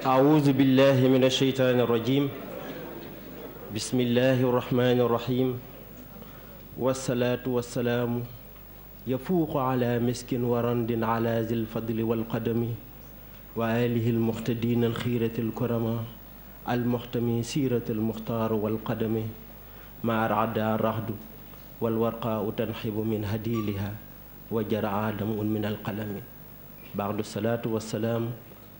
أعوذ بالله من الشيطان الرجيم بسم الله الرحمن الرحيم والصلاة والسلام يفوق على مسك ورند على ذي الفضل والقدم وآله المقتدين الخيرة الكرماء المحتمي سيرة المختار والقدم مع العدا الرهد والورقاء تنحب من هديلها وجرى آدم من القلم بعد الصلاة والسلام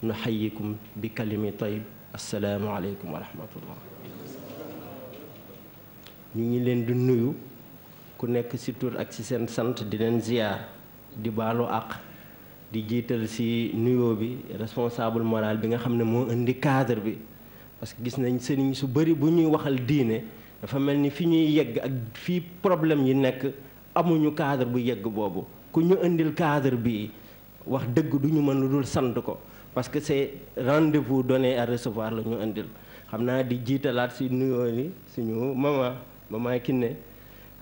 nu xayikum bi kalimi tayib assalaamu aleykum wa ñu ngi leen di nuyu ku nekk ci tur ak ci seen sant di leen ziyaar di baalu àq di jiital ci nuyoo bi responsable moral bi nga xam ne moo indi kaadar bi parce que gis nañ seen su bari bu ñuy waxal diine dafa mel ni fi ñuy yegg ak fii problème yi nekk amuñu kaadar bu yegg boobu ku ñu indil kaadar bi wax dëgg duñu mën lu dul sant ko parce que c'est rendez-vous donné à recevoir la ñu indil xam naa di jiitalaat si nuyoo yi suñu mama mama Kiné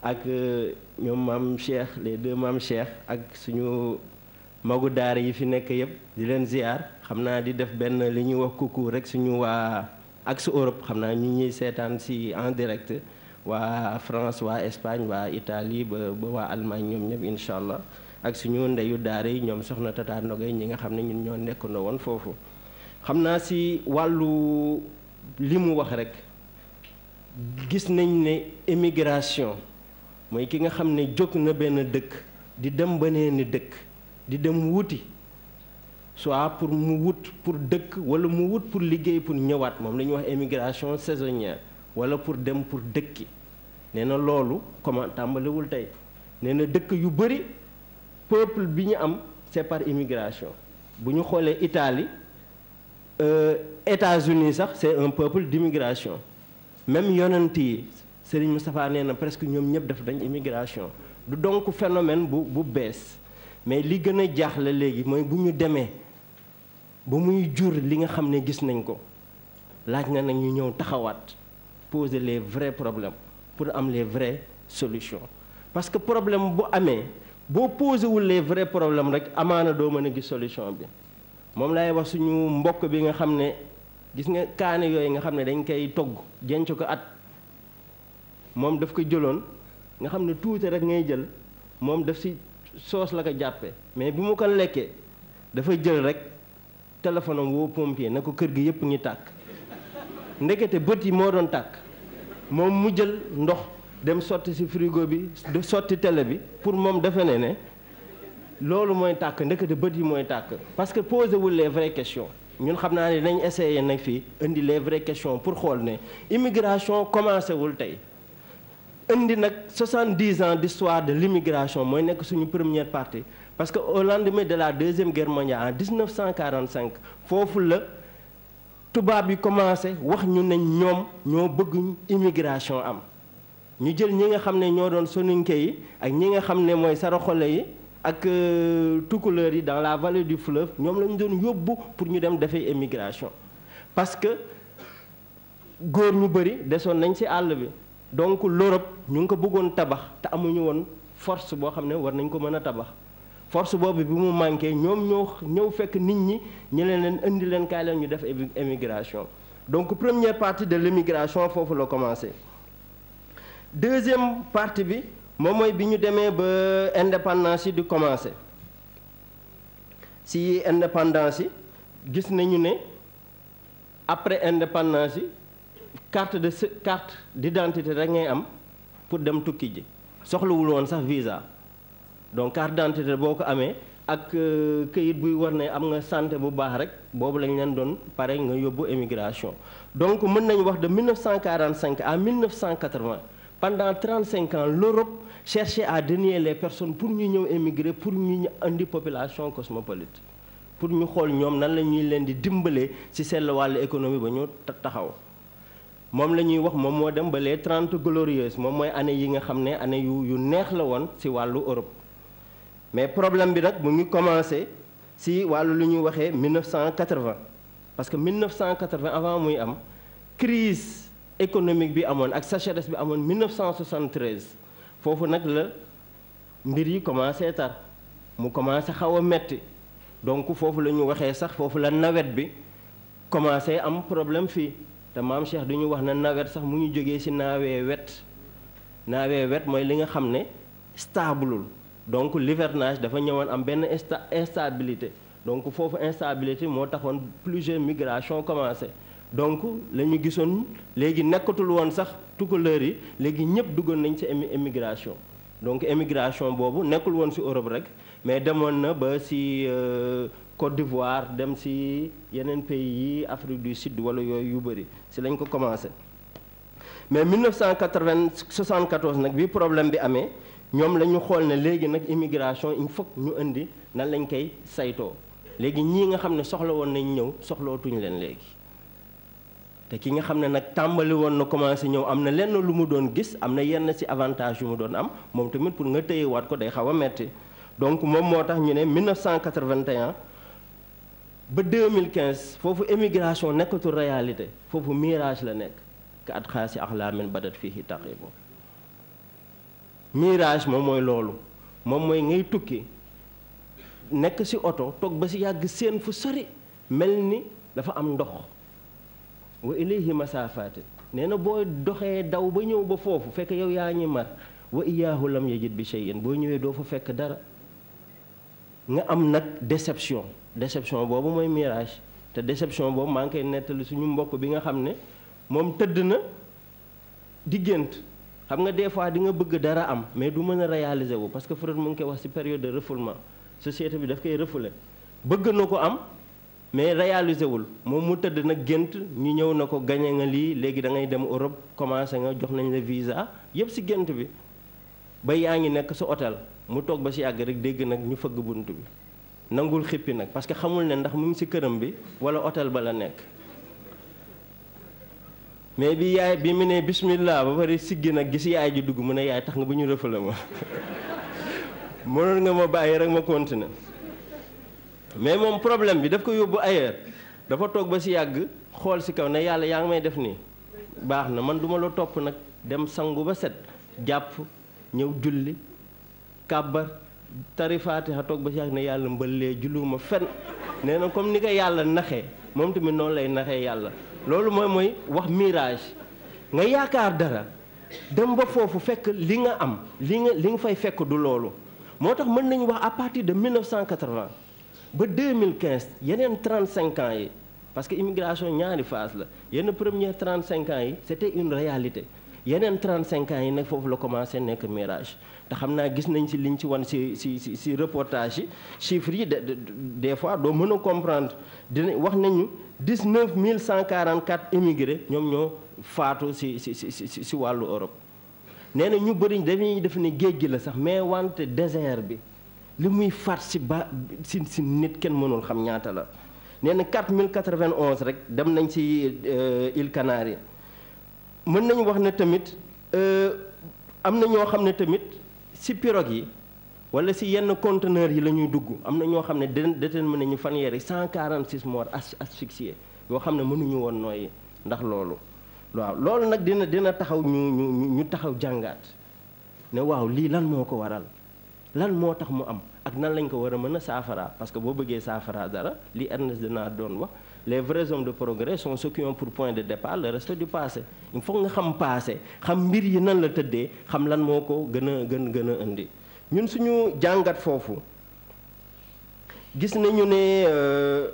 ak euh, ñoom maam Cheikh les deux maam Cheikh ak suñu magu daara yi fi nekk yëpp di leen ziar xam naa di def benn li ñuy wax coucou rek suñu waa ak su Europe xam naa ñu ñuy seetaan si en direct waa France waa Espagne waa Italie ba ba waa Allemagne ñoom ñëpp incha allah. ak suñu ndeyu daara yi ñoom soxna tataa Ndogay ñi nga xam ne ñun ñoo nekkandoo woon foofu xam naa si wàllu li mu wax rek gis nañ ne émigration mooy ki nga xam ne jóg na benn dëkk di dem beneen dëkk di dem wuti soit pour mu wut pour dëkk wala mu wut pour liggéey pour ñëwaat moom la ñuy wax émigration saisonnière wala pour dem pour dëkki nee na loolu comment tàmbalewul tey nee na dëkk yu bëri peuple bi ñu am c'est par immigration bu ñu xoolee Italie euh, États-Unis sax c'est un peuple d'immigration même yonent yi Serigne mu nee na presque ñoom ñëpp def dañ immigration du donc phénomène bu bu bees mais li gën a jaaxle léegi mooy bu ñu demee ba muy jur li nga xam ne gis nañ ko laaj na nag ñu ñëw taxawaat poser les vrais problèmes pour am les vraies solutions parce que bu amee boo posé wul les vrais problèmes rek amaana doo mën a gis solution bi moom laay wax suñu mbokk bi nga xam ne gis nga kaani yooyu nga xam ne dañ koy togg jenc ko at moom daf ko jëloon nga xam ne tuuti rek ngay jël moom def si soos la ko jàppe mais bi mu ko lekkee dafa jël rek téléphone am woo pompier na ko kër gi yëpp ngi tàkk ndekete bët yi moo doon tàkk moom mu jël ndox dem sotti si frigo bi du sotti télé bi pour moom defe ne ne loolu mooy tàkk ndekete bët yi mooy tàkk parce que posé wul les vraies questions ñun xam naa ne dañ essayé nag fii indi les vraies pour xool ne immigration commencé wul tey indi nag 70 ans d'histoire de l'immigration mooy nekk suñu première partie parce que au lendemain de la deuxième guerre mondiale en 1945 foofu la tubaab yi commencé wax ñu ne ñoom ñoo bëgg immigration am ñu jël ñi nga xam ne ñoo doon soninke yi ak ñi nga xam ne mooy saraxole yi ak euh, tukuleur yi dans la vallée du fleuve ñoom lañu doon yóbbu pour ñu dem defee émigration parce que góor ñu bëri desoon nañ ci àll bi donc l'Europe ñu ngi ko bëggoon tabax te amuñu woon force boo xam ne war nañ ko mën a tabax force boobu bi mu manqué ñoom ñoo ñëw fekk nit ñi ñu leen leen indi leen kaay leen ñu def émigration donc première partie de l'émigration foofu la commencé deuxième partie bi moom mooy bi ñu demee ba indépendance yi di commencer si indépendance yi gis nañu ne après indépendance yi carte de carte d'identité rek ngay am pour dem tukki ji soxlawul woon sax visa donc carte d'identité boo ko amee ak euh, këyit buy war na am nga santé bu baax rek boobu lañ leen doon pare nga yóbbu émigration donc mën nañ wax de 1945 à 1980 pendant trente cinq ans l'Europe cherchait à dénier les personnes pour ñu ñëw émigrer pour ñu ñu indi population cosmopolite pour ñu xool ñoom nan la ñuy leen di dimbalee ci seen wàllu économie ba ñu taxaw moom la ñuy wax moom moo dem ba trente glorieuses moom mooy année yi nga xam ne année yu yu neex la woon ci wàllu Europe mais problème bi nag mu ngi commencé ci wàllu lu ñuy waxee 1980 parce que 1980 avant muy am crise économique bi amoon ak sécheresse bi amoon 1973 foofu nag la mbir yi commencé tar mu commencé xaw a metti donc foofu la ñu waxee sax foofu la nawet bi commencé am problème fii te maam Cheikh du ñu wax na nawet sax mu ñu jógee ci naawee wet naawee wet mooy li nga xam ne stableul donc l'hivernage dafa ñëwoon am benn insta instabilité donc foofu instabilité moo taxoon plusieurs migrations commencé donc la ñu gisoon léegi nekkatul woon sax tukulóor yi léegi ñëpp duggoon nañ ci émigration donc émigration boobu nekkul woon ci Europe rek mais demoon na ba ci euh, Côte d'Ivoire dem ci yeneen pays yi Afrique du Sud wala yooyu yu bëri si lañ ko commencé mais 1974 nag bi problème bi amee ñoom la ñu xool ne léegi nag immigration il faut ñu indi nan lañ koy sayto léegi ñii nga xam ne soxla woon nañ ñëw soxlootuñ leen léegi te ki nga xam ne nag tàmbali woon na commencé ñëw am na lenn lu mu doon gis am na yenn ci avantage yu mu doon am moom tamit pour nga téyewaat ko day xaw a metti donc moom moo tax ñu ne 1981 ba 2015 foofu émigration nekkatul réalité foofu mirage la nekk ka at xaa si axlaamin badat fii taqibu mirage moom mooy loolu moom mooy ngay tukki nekk ci oto toog ba ci yàgg seen fu sori mel ni dafa am ndox wa ilayhi masaafaate nee na boo doxee daw ba ñëw ba foofu fekk yow yaa ñi mar wa iyaahu lam yajid bi shay'in boo ñëwee doo fa fekk dara nga am nag déception déception boobu mooy mirage te déception boobu maa ngi koy nettali suñu mbokk bi nga xam ne moom tëdd na diggant xam nga des fois di nga bëgg dara am mais du mën a réaliser wu parce que Freud mu ngi koy wax ci période de refoulement société bi daf koy refouler bëgg na ko am mais réalisé wul moom mu tëdd nag gént ñi ñëw na ko gañe nga lii léegi da ngay dem Europe commencé nga jox nañ la visa yëpp si gént bi ba yaa ngi nekk sa hôtel mu toog ba si àgg rek dégg nag ñu fëgg bunt bi nangul xippi nag parce que xamul ne ndax mu ngi si këram bi wala hôtel ba la nekk mais bi yaay bi mu ne bismillah ba pare siggi nag gis yaay ji dugg mu ne yaay tax nga bu ñu rëfala ma mënoon nga ma bàyyi rek ma continuer mais moom problème bi daf ko yóbbu ailleurs dafa toog ba si yàgg xool si kaw ne yàlla yaa ngi may def nii baax na man duma la topp nag dem sangu ba set jàpp ñëw julli kàbbar tari faatixa toog ba si yàgg ne yàlla mbëllee julluwuma fen nee na comme ni ko yàlla naxee moom tamit noonu lay naxee yàlla loolu mooy mooy wax mirage nga yaakaar dara dem ba foofu fekk li nga am li nga li nga fay fekk du loolu moo tax mën nañu wax à partir de 1980 ba deux 2015 yeneen 35 ans yi parce que immigration ñaari phase la yenn première 35 ans yi c'était une réalité yeneen 35 ans yi nag foofu la commencé nekk mirage te xam naa gis nañ ci liñ ci wan ci ci ci ci reportage yi chiffres yi des fois doo mën a comprendre dina wax nañu 19 144 immigrés ñoom ñoo faatu ci ci ci ci wàllu Europe nee na ñu bëriñ dañuy def ni géej gi la sax mais wante désert bi li muy far si ba si si nit kenn mënul xam ñaata la nee na 4091 rek dem nañ si euh, îles yi mën nañu wax ne tamit euh, am na ñoo xam ne tamit si pirogue yi walla si yenn conteneurs yi la ñuy dugg am na ñoo xam ne mën nañu fan cent fanweeri 146 morts as asphyxiés yoo xam ne mënuñu woon nooyi ndax loolu waaw loolu nag dina dina taxaw ñu ñu ñu taxaw jàngaat ne waaw lii lan moo ko waral lan moo tax mu am ak nan lañ ko war a mën a saafara parce que boo bëggee saafara dara li Ernest dinaa doon wax les vraisons de progrès sont ceux qui pour point de départ le reste du passé il faut nga xam passé xam mbir yi nan la tëddee xam lan moo ko gën a gën gën a indi ñun suñu jàngat foofu gis nañu ne euh,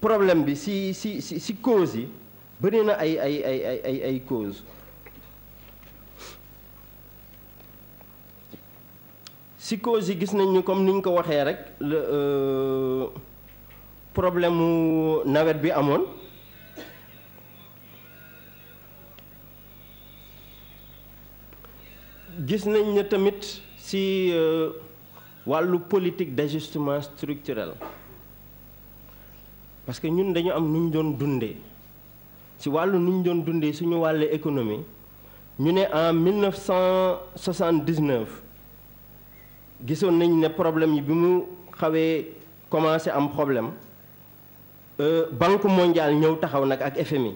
problème bi si si si si cause yi bëri na ay ay ay ay ay ay cause psychose yi gis nañu comme ni ñu ko waxee rek euh, problème mu nawet bi amoon gis nañ ne tamit ci euh, wàllu politique d'ajustement structurel parce que ñun dañu am nu ñu doon dundee ci wàllu nu ñu doon dundee suñu wàllu économie ñu ne en 1979 gisoon nañ ne problème yi bi mu xawee commencé am problème euh, banque mondiale ñëw taxaw nag ak FMI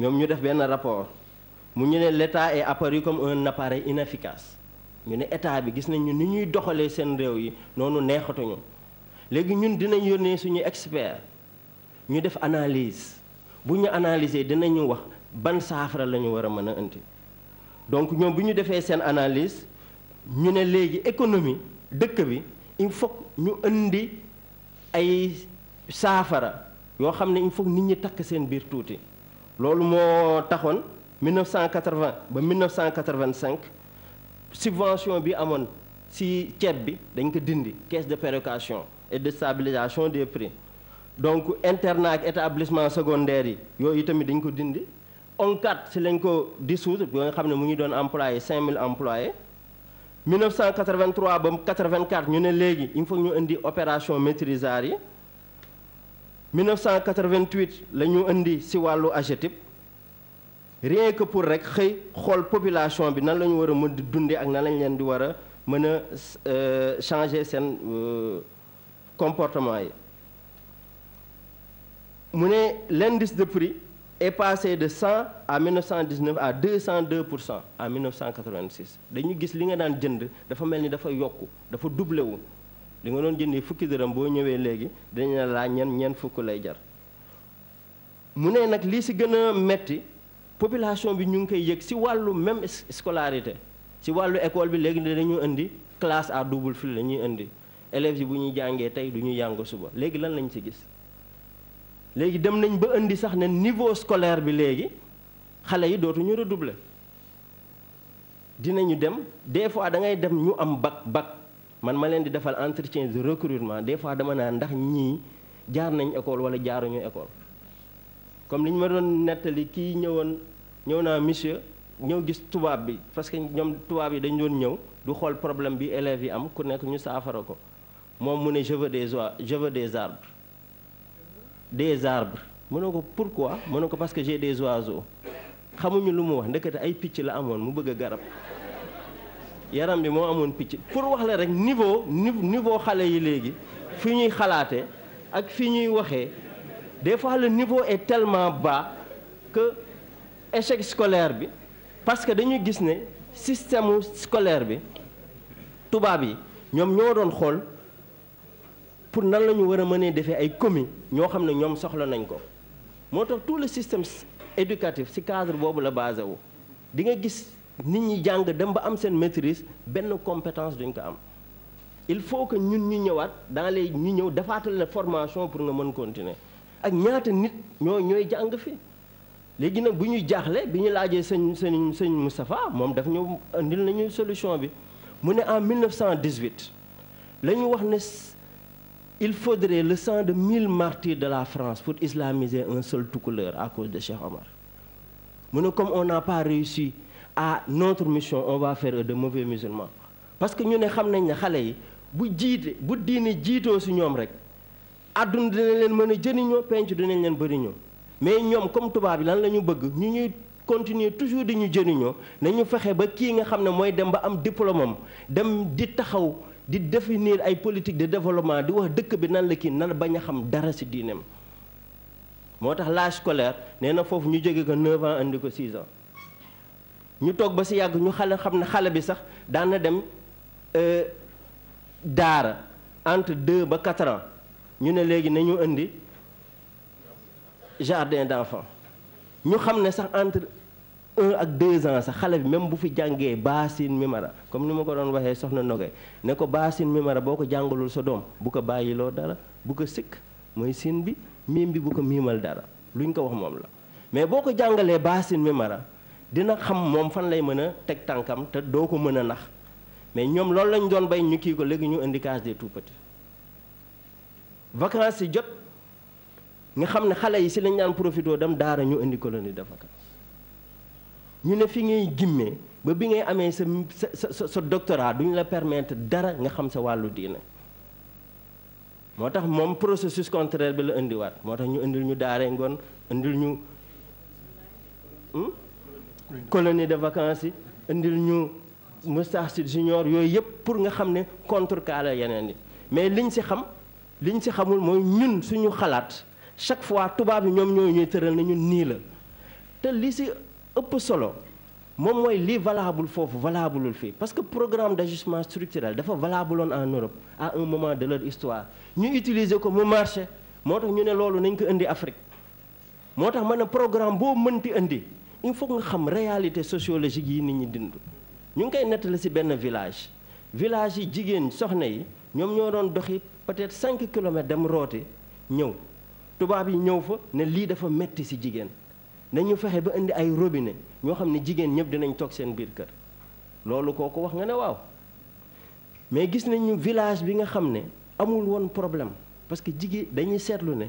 ñoom ñu def benn rapport mu ñu ne l'État est yu comme un appareil inefficace ñu ne état bi gis nañu ni ñuy doxalee seen réew yi noonu neexatuñu léegi ñun dinañ yónnee suñu expert ñu def analise bu ñu analyser dinañu wax ban saafara la ñu war a mën a indi donc ñoom bu ñu defee seen analyse ñu ne léegi économie dëkk bi il faut ñu indi ay saafara yoo xam ne il faut nit ñi takk seen biir tuuti loolu moo taxoon 1980 ba 1985 subvention bi amoon ci ceeb bi dañ ko dindi caisse de péréquation et de stabilisation des prix donc internat ak établissement secondaire yi yooyu tamit dañ ko dindi ONCAD ci lañ ko dissoudre yoo nga xam ne mu ngi doon employé 5000 employés 1983 ba 84 ñu ne léegi il faut ñu indi opération maîtrisards yi 1988 la ñu indi si wàllu AGETIP rien que pour rek xëy xool population bi nan la ñu war a mën di dundee ak nan lañ leen di war a mën a euh, changer seen euh, comportement yi mu ne l'indice de prix est passé de 100 à 1919 à 202 pour cent en 1986 dañu gis li nga daan jënd dafa mel ni dafa yokku dafa doublé wu li nga doon jëndee fukki dërëm boo ñëwee léegi dañu la laa ñen ñeen fukk lay jar mu ne nag li si gën a metti population bi ñu ngi koy yëg si wàllu même scolarité ci wàllu école bi léegi dañu indi classe à double fil la ñuy indi élèves yi bu ñuy jàngee tey du ñu yàngu suba léegi lan lañ si gis léegi dem nañ ba indi sax ne niveau scolaire bi léegi xale yi dootuñu redoubler dinañu dem des fois da ngay dem ñu am bac bac man ma leen di defal entretien de recrutement des fois dama naan ndax ñii jaar nañu école wala jaaruñu école comme li ñu ma doon nettali kii ñëwoon ñëw naa monsieur ñëw gis tubaab bi parce que ñoom tubaab yi dañ doon ñëw du xool problème bi élèves yi am ku nekk ñu saafara ko moom mu ne je veux des oies je veux des arbres des arbres mu ko pourquoi mu ne ko parce que j'ai des oiseaux xamuñu lu mu wax ndekete ay picc la amoon mu bëgg garab yaram bi moo amoon picc pour wax la rek niveau niveau xale yi léegi fi ñuy xalaate ak fi ñuy waxee des fois le niveau est tellement bas que échec scolaire bi parce que dañuy gis ne système scolaire bi tubaab yi ñoom ñoo doon xool pour nan la ñu war a mënee defee ay communes ñoo xam ne ñoom soxla nañ ko moo tax tout le système éducatif ci cadre boobu la basé wu di nga gis nit ñi jàng dem ba am seen maîtrise benn compétence duñ ko am il faut que ñun ñu ñëwaat dans les ñu ñëw defaatal la formation pour nga mën continuer ak ñaata nit ñoo ñooy jàng fi léegi nag bu ñuy jaaxle bi ñu laajee sëñ sëñ sëñ Moustapha moom daf ñu indil nañu solution bi mu ne en 1918 la ñu wax ne il faudrait le sang de mille martyrs de la France pour islamiser un seul tout-couleur à cause de Cheikh Omar mu ne comme on n'a pas réussi à notre mission on va faire de mauvais musulmans parce que ñu ne xam nañ ne xale yi bu jiite bu diine jiitoo si ñoom rek àdduna dinañ leen mën a jëriñoo penc dinañ leen bëriñoo mais ñoom comme tubaab yi lan la ñu bëgg ñu ñuy continuer toujours di ñu jëriñoo nañu fexe ba kii nga xam ne mooy dem ba am diplôme am dem di taxaw di définir ay politique de développement di wax dëkk bi nan la kii nan bañ a xam dara ci diineem moo tax l'âge scolaire nee na foofu ñu jóge ko 9 ans indi ko 6 ans ñu toog ba ci yàgg ñu xale xam ne xale bi sax daan na dem euh, daara entre 2 ba quatre ans ñu ne léegi nañu indi jardin d'enfants ñu xam ne sax entre. un ak deux ans sax xale bi même bu fi jàngee baasin mimara comme ni ma ko doon waxee soxna Noge ne ko baasin mimara boo ko jàngalul sa doom bu ko bàyyiloo dara bu ko sikk mooy siin bi miim bi bu ko miimal dara lu luñ ko wax moom la mais boo ko jàngalee baasin mimara dina xam moom fan lay mën a teg tànkam te doo ko mën a nax mais ñoom loolu lañ doon bay ñu kii ko léegi ñu indi case des tout petits vacances yi jot nga xam ne xale yi si lañ daan profité dem daara ñu indi colonie de vacances ñu ne fi ngay gimmee ba bi ngay amee sa sa sa doctorat duñu la permettre dara nga xam sa wàllu diina moo tax moom processus contraire bi la indiwaat moo tax ñu indil ñu daaree ngoon indil ñu hmm? colonie de vacances yi indil ñu Moustachid Junior yooyu yëpp pour nga xam ne contre kaala yeneen yi mais liñ si xam liñ si xamul mooy ñun suñu xalaat chaque fois tubaab yi ñoom ñooy ñuy tëral na ñun nii la te li si ëpp solo moom mooy lii valable foofu valableul fii parce que programme d'ajustement structurel dafa valable woon en Europe à un moment de leur histoire ñu utiliser ko mu marché moo tax ñu ne loolu nañ ko indi Afrique moo tax ma ne programme boo mënti indi il faut nga xam réalité sociologique yi nit ñi dund ñu ngi koy nettali si benn village village yi jigéen soxna yi ñoom ñoo doon doxi peut-être 5 kilomètres dem rooti ñëw tubaab yi ñëw fa ne lii dafa metti ci jigéen nañu fexe ba indi ay robinet ñoo xam ne jigéen ñëpp dinañ toog seen biir kër loolu koo ko wax nga ne waaw mais gis ñu village bi nga xam ne amul woon problème parce que jigéen dañuy seetlu ne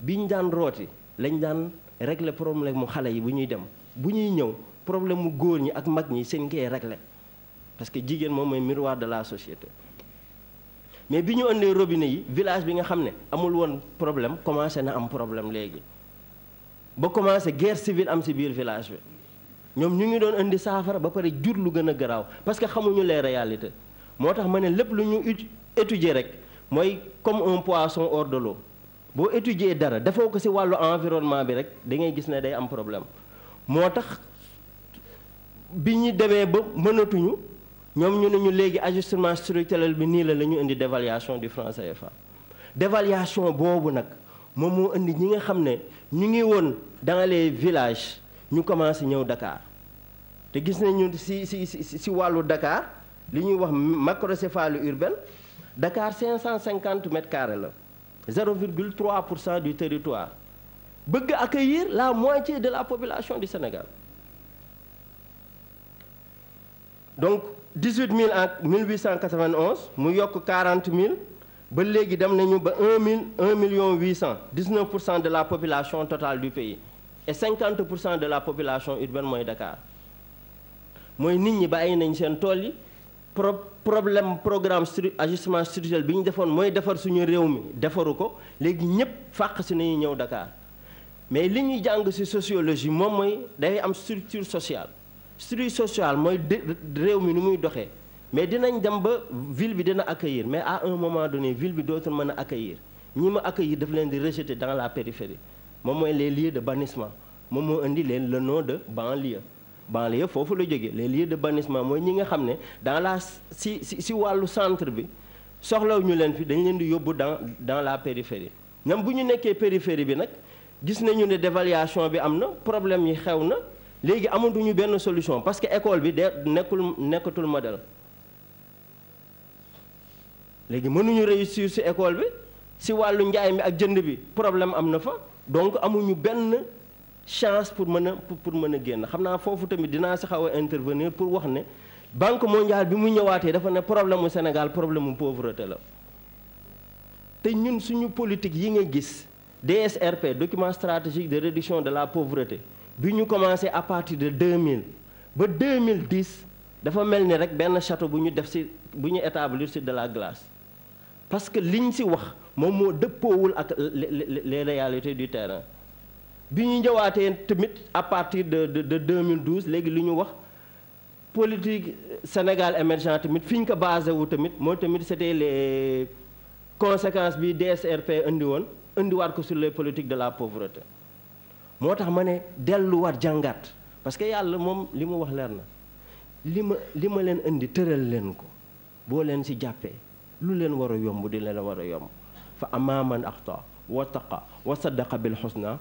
biñ daan rooti lañ daan régler problème mu xale yi bu ñuy dem bu ñuy ñëw problème mu góor ñi ak mag ñi seen koy régler parce que jigéen moom mooy miroir de la société mais bi ñu indee robine yi village bi nga xam ne amul woon problème commencé na am problème léegi ba commencé guerre civile am si biir village bi ñoom ñu ngi doon indi saafara ba pare jur lu gën a garaaw parce que xamuñu les réalités moo tax ma ne lépp lu ñu étudier rek mooy comme un poisson hors de boo étudier dara defoo ko si wàllu environnement bi rek da ngay gis ne day am problème moo tax bi ñu demee ba mënatuñu ñoom ñu ne ñu léegi ajustement structurel bi nii la la ñu indi dévaluation di franc CFA dévaluation boobu nag. moom moo indi ñi nga xam ne ñu ngi woon dans les villages ñu commencé ñëw Dakar te gis nañu si si si wàllu Dakar li ñuy wax macrocéphalie urbaine Dakar 550 mètres carrés la 0,3 pour cent du territoire bëgg accueillir la moitié de la population du senegal donc 18 000 en 1891 mu yokk 40 mille ba léegi dem nañu ba un mille un million huit cent dix neuf pour cent de la population totale du pays et cinquante pour cent de la population urbaine mooy Dakar mooy nit ñi bàyyi nañ seen tool yi pro problème programme stru ajustement structurel bi ñu defoon mooy defar suñu réew mi defaru ko léegi ñëpp fàq si nañu ñëw dakaar mais li ñuy jàng ci sociologie moom mooy day am structure sociale structure sociale mooy réew mi ni muy doxee. mais dinañ dem ba ville bi dina accueillir mais à un moment donné ville bi dootul mën a accueillir ñi ma accueillir daf leen di rejeter dans la périphérie moom mooy les lieux de bannissement moom moo indi leen le nom de banlieue banlieue foofu la jógee les lieux de bannissement mooy ñi nga xam ne dans la si si wàllu centre bi soxlaw ñu leen fi dañ leen di yóbbu dans dans la périphérie ñoom bu ñu nekkee périphérie bi nag gis nañu ne dévaluation bi am na problème yi xew na léegi amatuñu benn solution parce que école bi de nekkul nekkatul modèle léegi mënuñu réussir ci école bi si wàllu njaay mi ak jënd bi problème am na fa donc amuñu benn chance pour mën a pour mën a génn xam naa foofu tamit dinaa ci xaw a intervenir pour wax ne banque mondiale bi mu ñëwaatee dafa ne problème mu Sénégal problème mu pauvreté la te ñun suñu politique yi nga gis DSRP document stratégique de réduction de la pouvreté bi ñu commencé à partir de mille ba mille 2010 dafa mel ni rek benn château bu ñu def ci bu ñu établir de la glace parce que liñ si wax moom moo dëppoowul ak les réalités du terrain bi ñu ñëwaatee tamit à partir de de de 2012 léegi li ñu wax politique Sénégal émergent tamit fi ñu ko basé wu tamit mooy tamit c'était les conséquences bi DSRP indi woon indiwaat ko sur les politiques de la pauvreté moo tax ma ne delluwaat jàngat parce que yàlla moom li mu wax leer na li ma li ma leen indi tëral leen ko boo leen si jàppee. lu leen war a yomb di leen war a yomb fa amma man axta wa taqa wa saddaqa bil xusna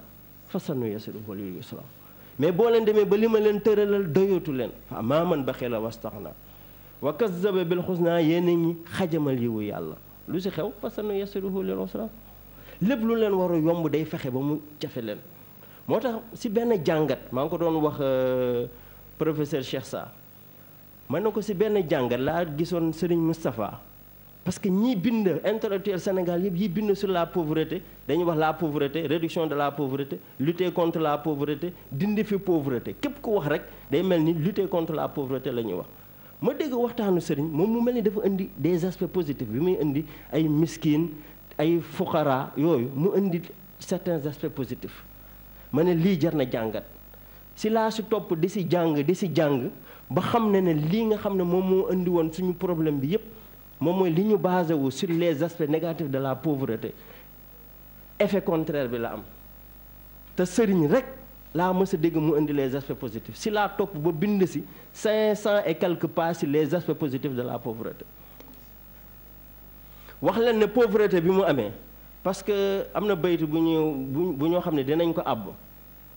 fa sanu yasiluhu lil yusra mais boo leen demee ba li ma leen tëralal doyatu leen fa amma man baxila wastaxna wa kazzaba bil xusna yéen a ñi xajamal yiwu yàlla lu si xew fa sanu yasiluhu lil yusra lépp lu leen war yomb day fexe ba mu jafe leen moo tax si benn jàngat maa ngi ko doon wax euh, professeur Cheikh Sarr mën na ko si benn jàngat laa gisoon Serigne Moustapha parce que ñi bind intellectuel Sénégal yëpp yi bind su la pauvreté dañuy wax la pauvreté réduction de la pauvreté lutter contre la pauvreté dindi fi pauvreté képp ku wax rek day mel ni lutter contre la pauvreté la ñuy wax ma dégg waxtaanu sëriñ moom mu mel ni dafa indi des aspects positifs bi muy indi ay miskin ay fuqara yooyu mu indi certains aspects positifs ma ne lii jar na jàngat si laa si topp di si jàng di si jàng ba xam ne ne lii nga xam ne moom moo indi woon suñu problème bi yëpp moom mooy li ñu basé wu sur les aspects négatifs de la pauvreté effet contraire bi la am te sëriñ rek laa mës a dégg mu indi les aspects positifs si laa topp ba bind si cinq cent et quelques pages si les aspects positifs de la pauvreté wax leen ne pauvreté bi mu amee parce que am na baytu bu ñu bu ñoo xam ne dinañ ko àbb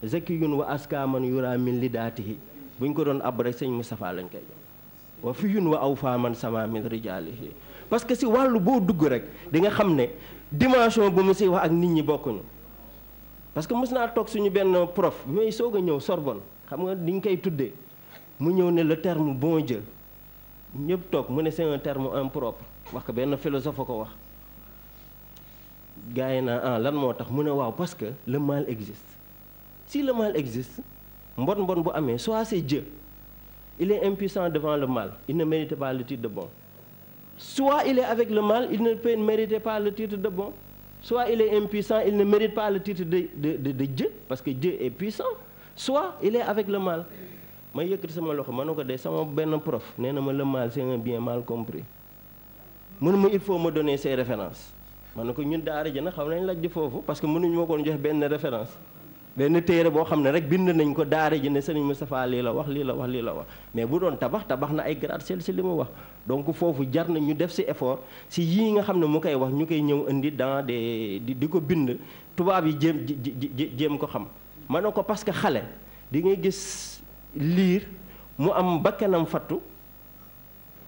zakiyun wa aska man yura min lidaatihi bu ñu ko doon àbb rek sëñ Moustapha lañ koy jox fi fiyun wa aw faaman sama min rijaalihi parce que si wàllu boo dugg rek di nga xam ne dimension bu mu si wax ak nit ñi bokkuñu parce que mës naa toog suñu benn prof bi may soog a ñëw Sorbonne xam nga diñ koy tuddee mu ñëw ne le terme bon Dieu ñëpp toog mu ne c'est un terme impropre wax ko benn philosophe a ko wax gars yi naa ah lan moo tax mu ne waaw parce que le mal existe si le mal existe mbon mbon bu amee soit c'est Dieu il est impuissant devant le mal. Il ne méritait pas le titre de bon. Soit il est avec le mal, il ne méritait par le titre de bon. Soit il est impuissant, il ne mérite pas le titre de, de, de, de parce que Dieu est puissant. Soit il est avec le mal. yëkk ti sama loxo ma na ko de sama benn prof nee na ma le mal c'est un bien mal compris mun ma il faut ma donner ses références ma ne ko ñun daara ji nag xaw nañ laaj foofu parce que mënuñ ma koon jox benn référence benn téere boo xam ne rek bind nañ ko daara ji ne Serigne Moustapha lii la wax lii la wax lii la wax mais bu doon tabax tabax na ay gratte-ciel si li mu wax donc foofu jar na ñu def si effort si yii nga xam ne mu koy wax ñu koy ñëw indi dans des di ko bind tubaab yi jéem jéem ko xam ma ne ko parce que xale di ngay gis liir mu am bakkanam fattu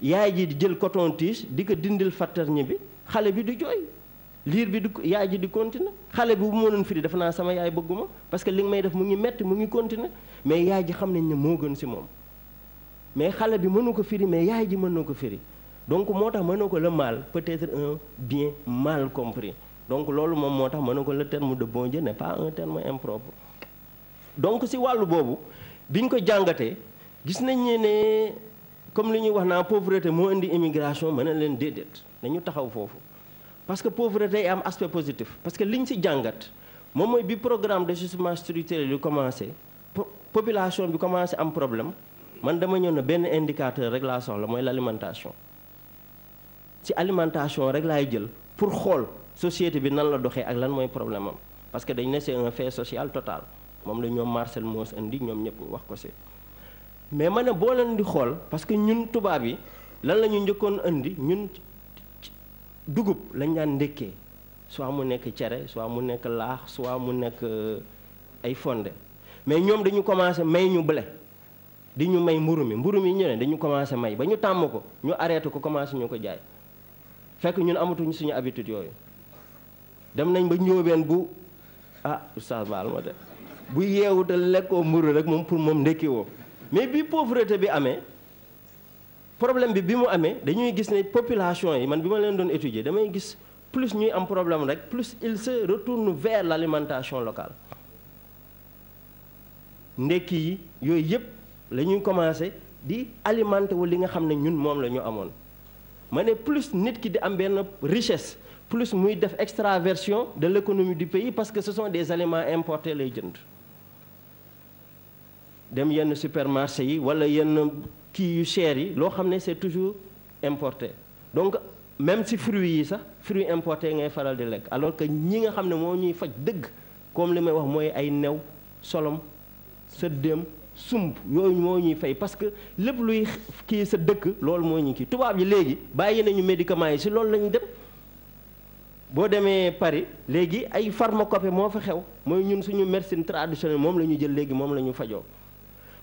yaay ji di jël coton-tige di ko dindil fattar ñi bi xale bi du jooy liir bi di yaay ji di continuer xale bi bu mënoon firi dafa naa sama yaay bëgguma parce que li nga may def mu ngi metti mu ngi continuer mais yaay ji xam nañ ne moo gën si moom mais xale bi mënu ko firi mais yaay ji mën na ko firi donc moo tax mën na ko la mal peut-être un bien mal compris donc loolu moom moo tax mën na ko le terme de bon Dieu n'est pas un terme impropre donc si wàllu boobu biñ ko jàngatee gis nañ ne comme li ñuy wax naa pauvreté moo indi immigration mën na leen déedéet dañu taxaw foofu parce que pauvreté day am aspect positif parce que liñ ci jàngat moom mooy bi programme d'ajustement structurel yu commencé population bi commencé am problème man dama ñëw na benn indicateur rek laa soxla mooy l'alimentation ci alimentation rek laay jël pour xool société bi nan la doxee ak lan mooy problème am parce que dañ ne c'est un fait social total moom la ñoom Marcel Mauss indi ñoom ñëpp wax ko ci mais ma ne boo leen di xool parce que ñun tubaab yi lan la ñu njëkkoon indi ñun dugub lañ daan ndékkee soit mu nekk cere soit mu nekk laax soit mu nekk euh, ay fonde mais ñoom dañu commencé may ñu blé di ñu may mburu mi mburu mi ñu ne dañu commencé may ba ñu tàmm ko ñu arrêté ko commencé ñu ko jaay fekk ñun amatuñ suñu habitude yooyu dem nañ ba njóobeen bu ah oustaz baal de bu yeewu te lekkoo mburu rek moom pour moom ndékki mais bi pauvreté bi amee problème bi bi mu amee dañuy gis ne population yi man bi ma leen doon étudier damay gis plus ñuy am problème rek plus il se retourne vers l' alimentation locale ndekki yi yooyu yëpp la ñuy commencé di alimente wu li nga xam ne ñun moom la ñu amoon ma ne plus nit ki di am benn richesse plus muy def extraversion de l' économie du pays parce que ce sont des aliments importés lay jënd dem yenn supermarché yi wala yenn kii yu cher yi loo xam ne c'est toujours importé donc même si fruits yi sax fruits importés ngay faral di lekk alors que ñi nga xam ne moo ñuy faj dëgg comme li may wax mooy ay new solom sa dem sumb yooyu moo ñuy fay parce que lépp luy kii sa dëkk loolu moo ñuy kii tubaab yi léegi bàyyi nañu médicament yi si loolu lañu dem boo demee Paris léegi ay pharmacopée moo fa xew mooy ñun suñu médecine traditionnelle moom la ñu jël léegi moom la ñu fajoo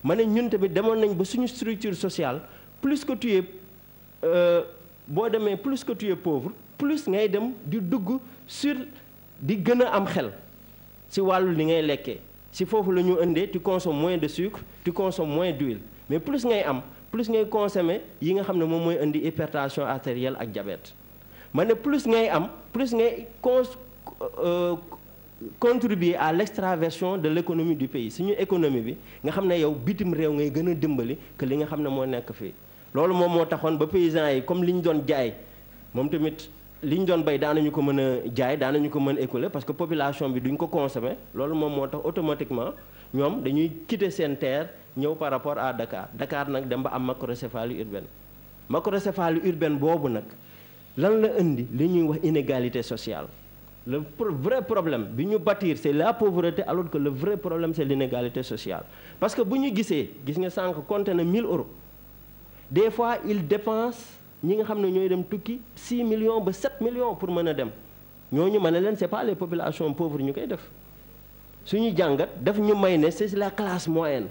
ma ñun tamit demoon nañ ba suñu structure sociale plus que tu es euh, boo demee plus que tu es pauvre plus ngay dem di dugg sur di gën a am xel si wàllu li ngay lekkee si foofu la ñu indee tu consommes moins de sucre ti consommes moins d'huile mais plus ngay am plus ngay consommer yi nga xam ne moom mooy indi hypertension artérielle ak jabet ma ne plus ngay am plus ngay cons euh, contribuer à l'extraversion de l'économie du pays suñu économie bi nga xam ne yow bitim réew ngay gën a dimbali que li nga xam ne moo nekk fii loolu moom moo taxoon ba paysans yi comme li ñu doon jaay moom tamit li ñu doon bay daanañu ko mën a jaay daanañu ko mën a écouler parce que population bi duñu ko consommer loolu moom moo tax automatiquement ñoom dañuy quitter seen terre ñëw par rapport à Dakar dakaar nag dem ba am macrocéphalie urbaine macrocéphalie urbaine boobu nag lan la indi li ñuy wax inégalité sociale le vrai problème bi ñu bâtir c'est la pauvreté alors que le vrai problème c'est l'inégalité sociale parce que bu ñu gisee gis nga sànq compté na 1000 euros des fois il dépense ñi nga xam ne ñooy dem tukki 6 million ba 7 million pour mën a dem ñoo ñu mën a leen c'est pas les population pauvres ñu koy def suñu jàngat daf ñu may ne c'est la classe moyenne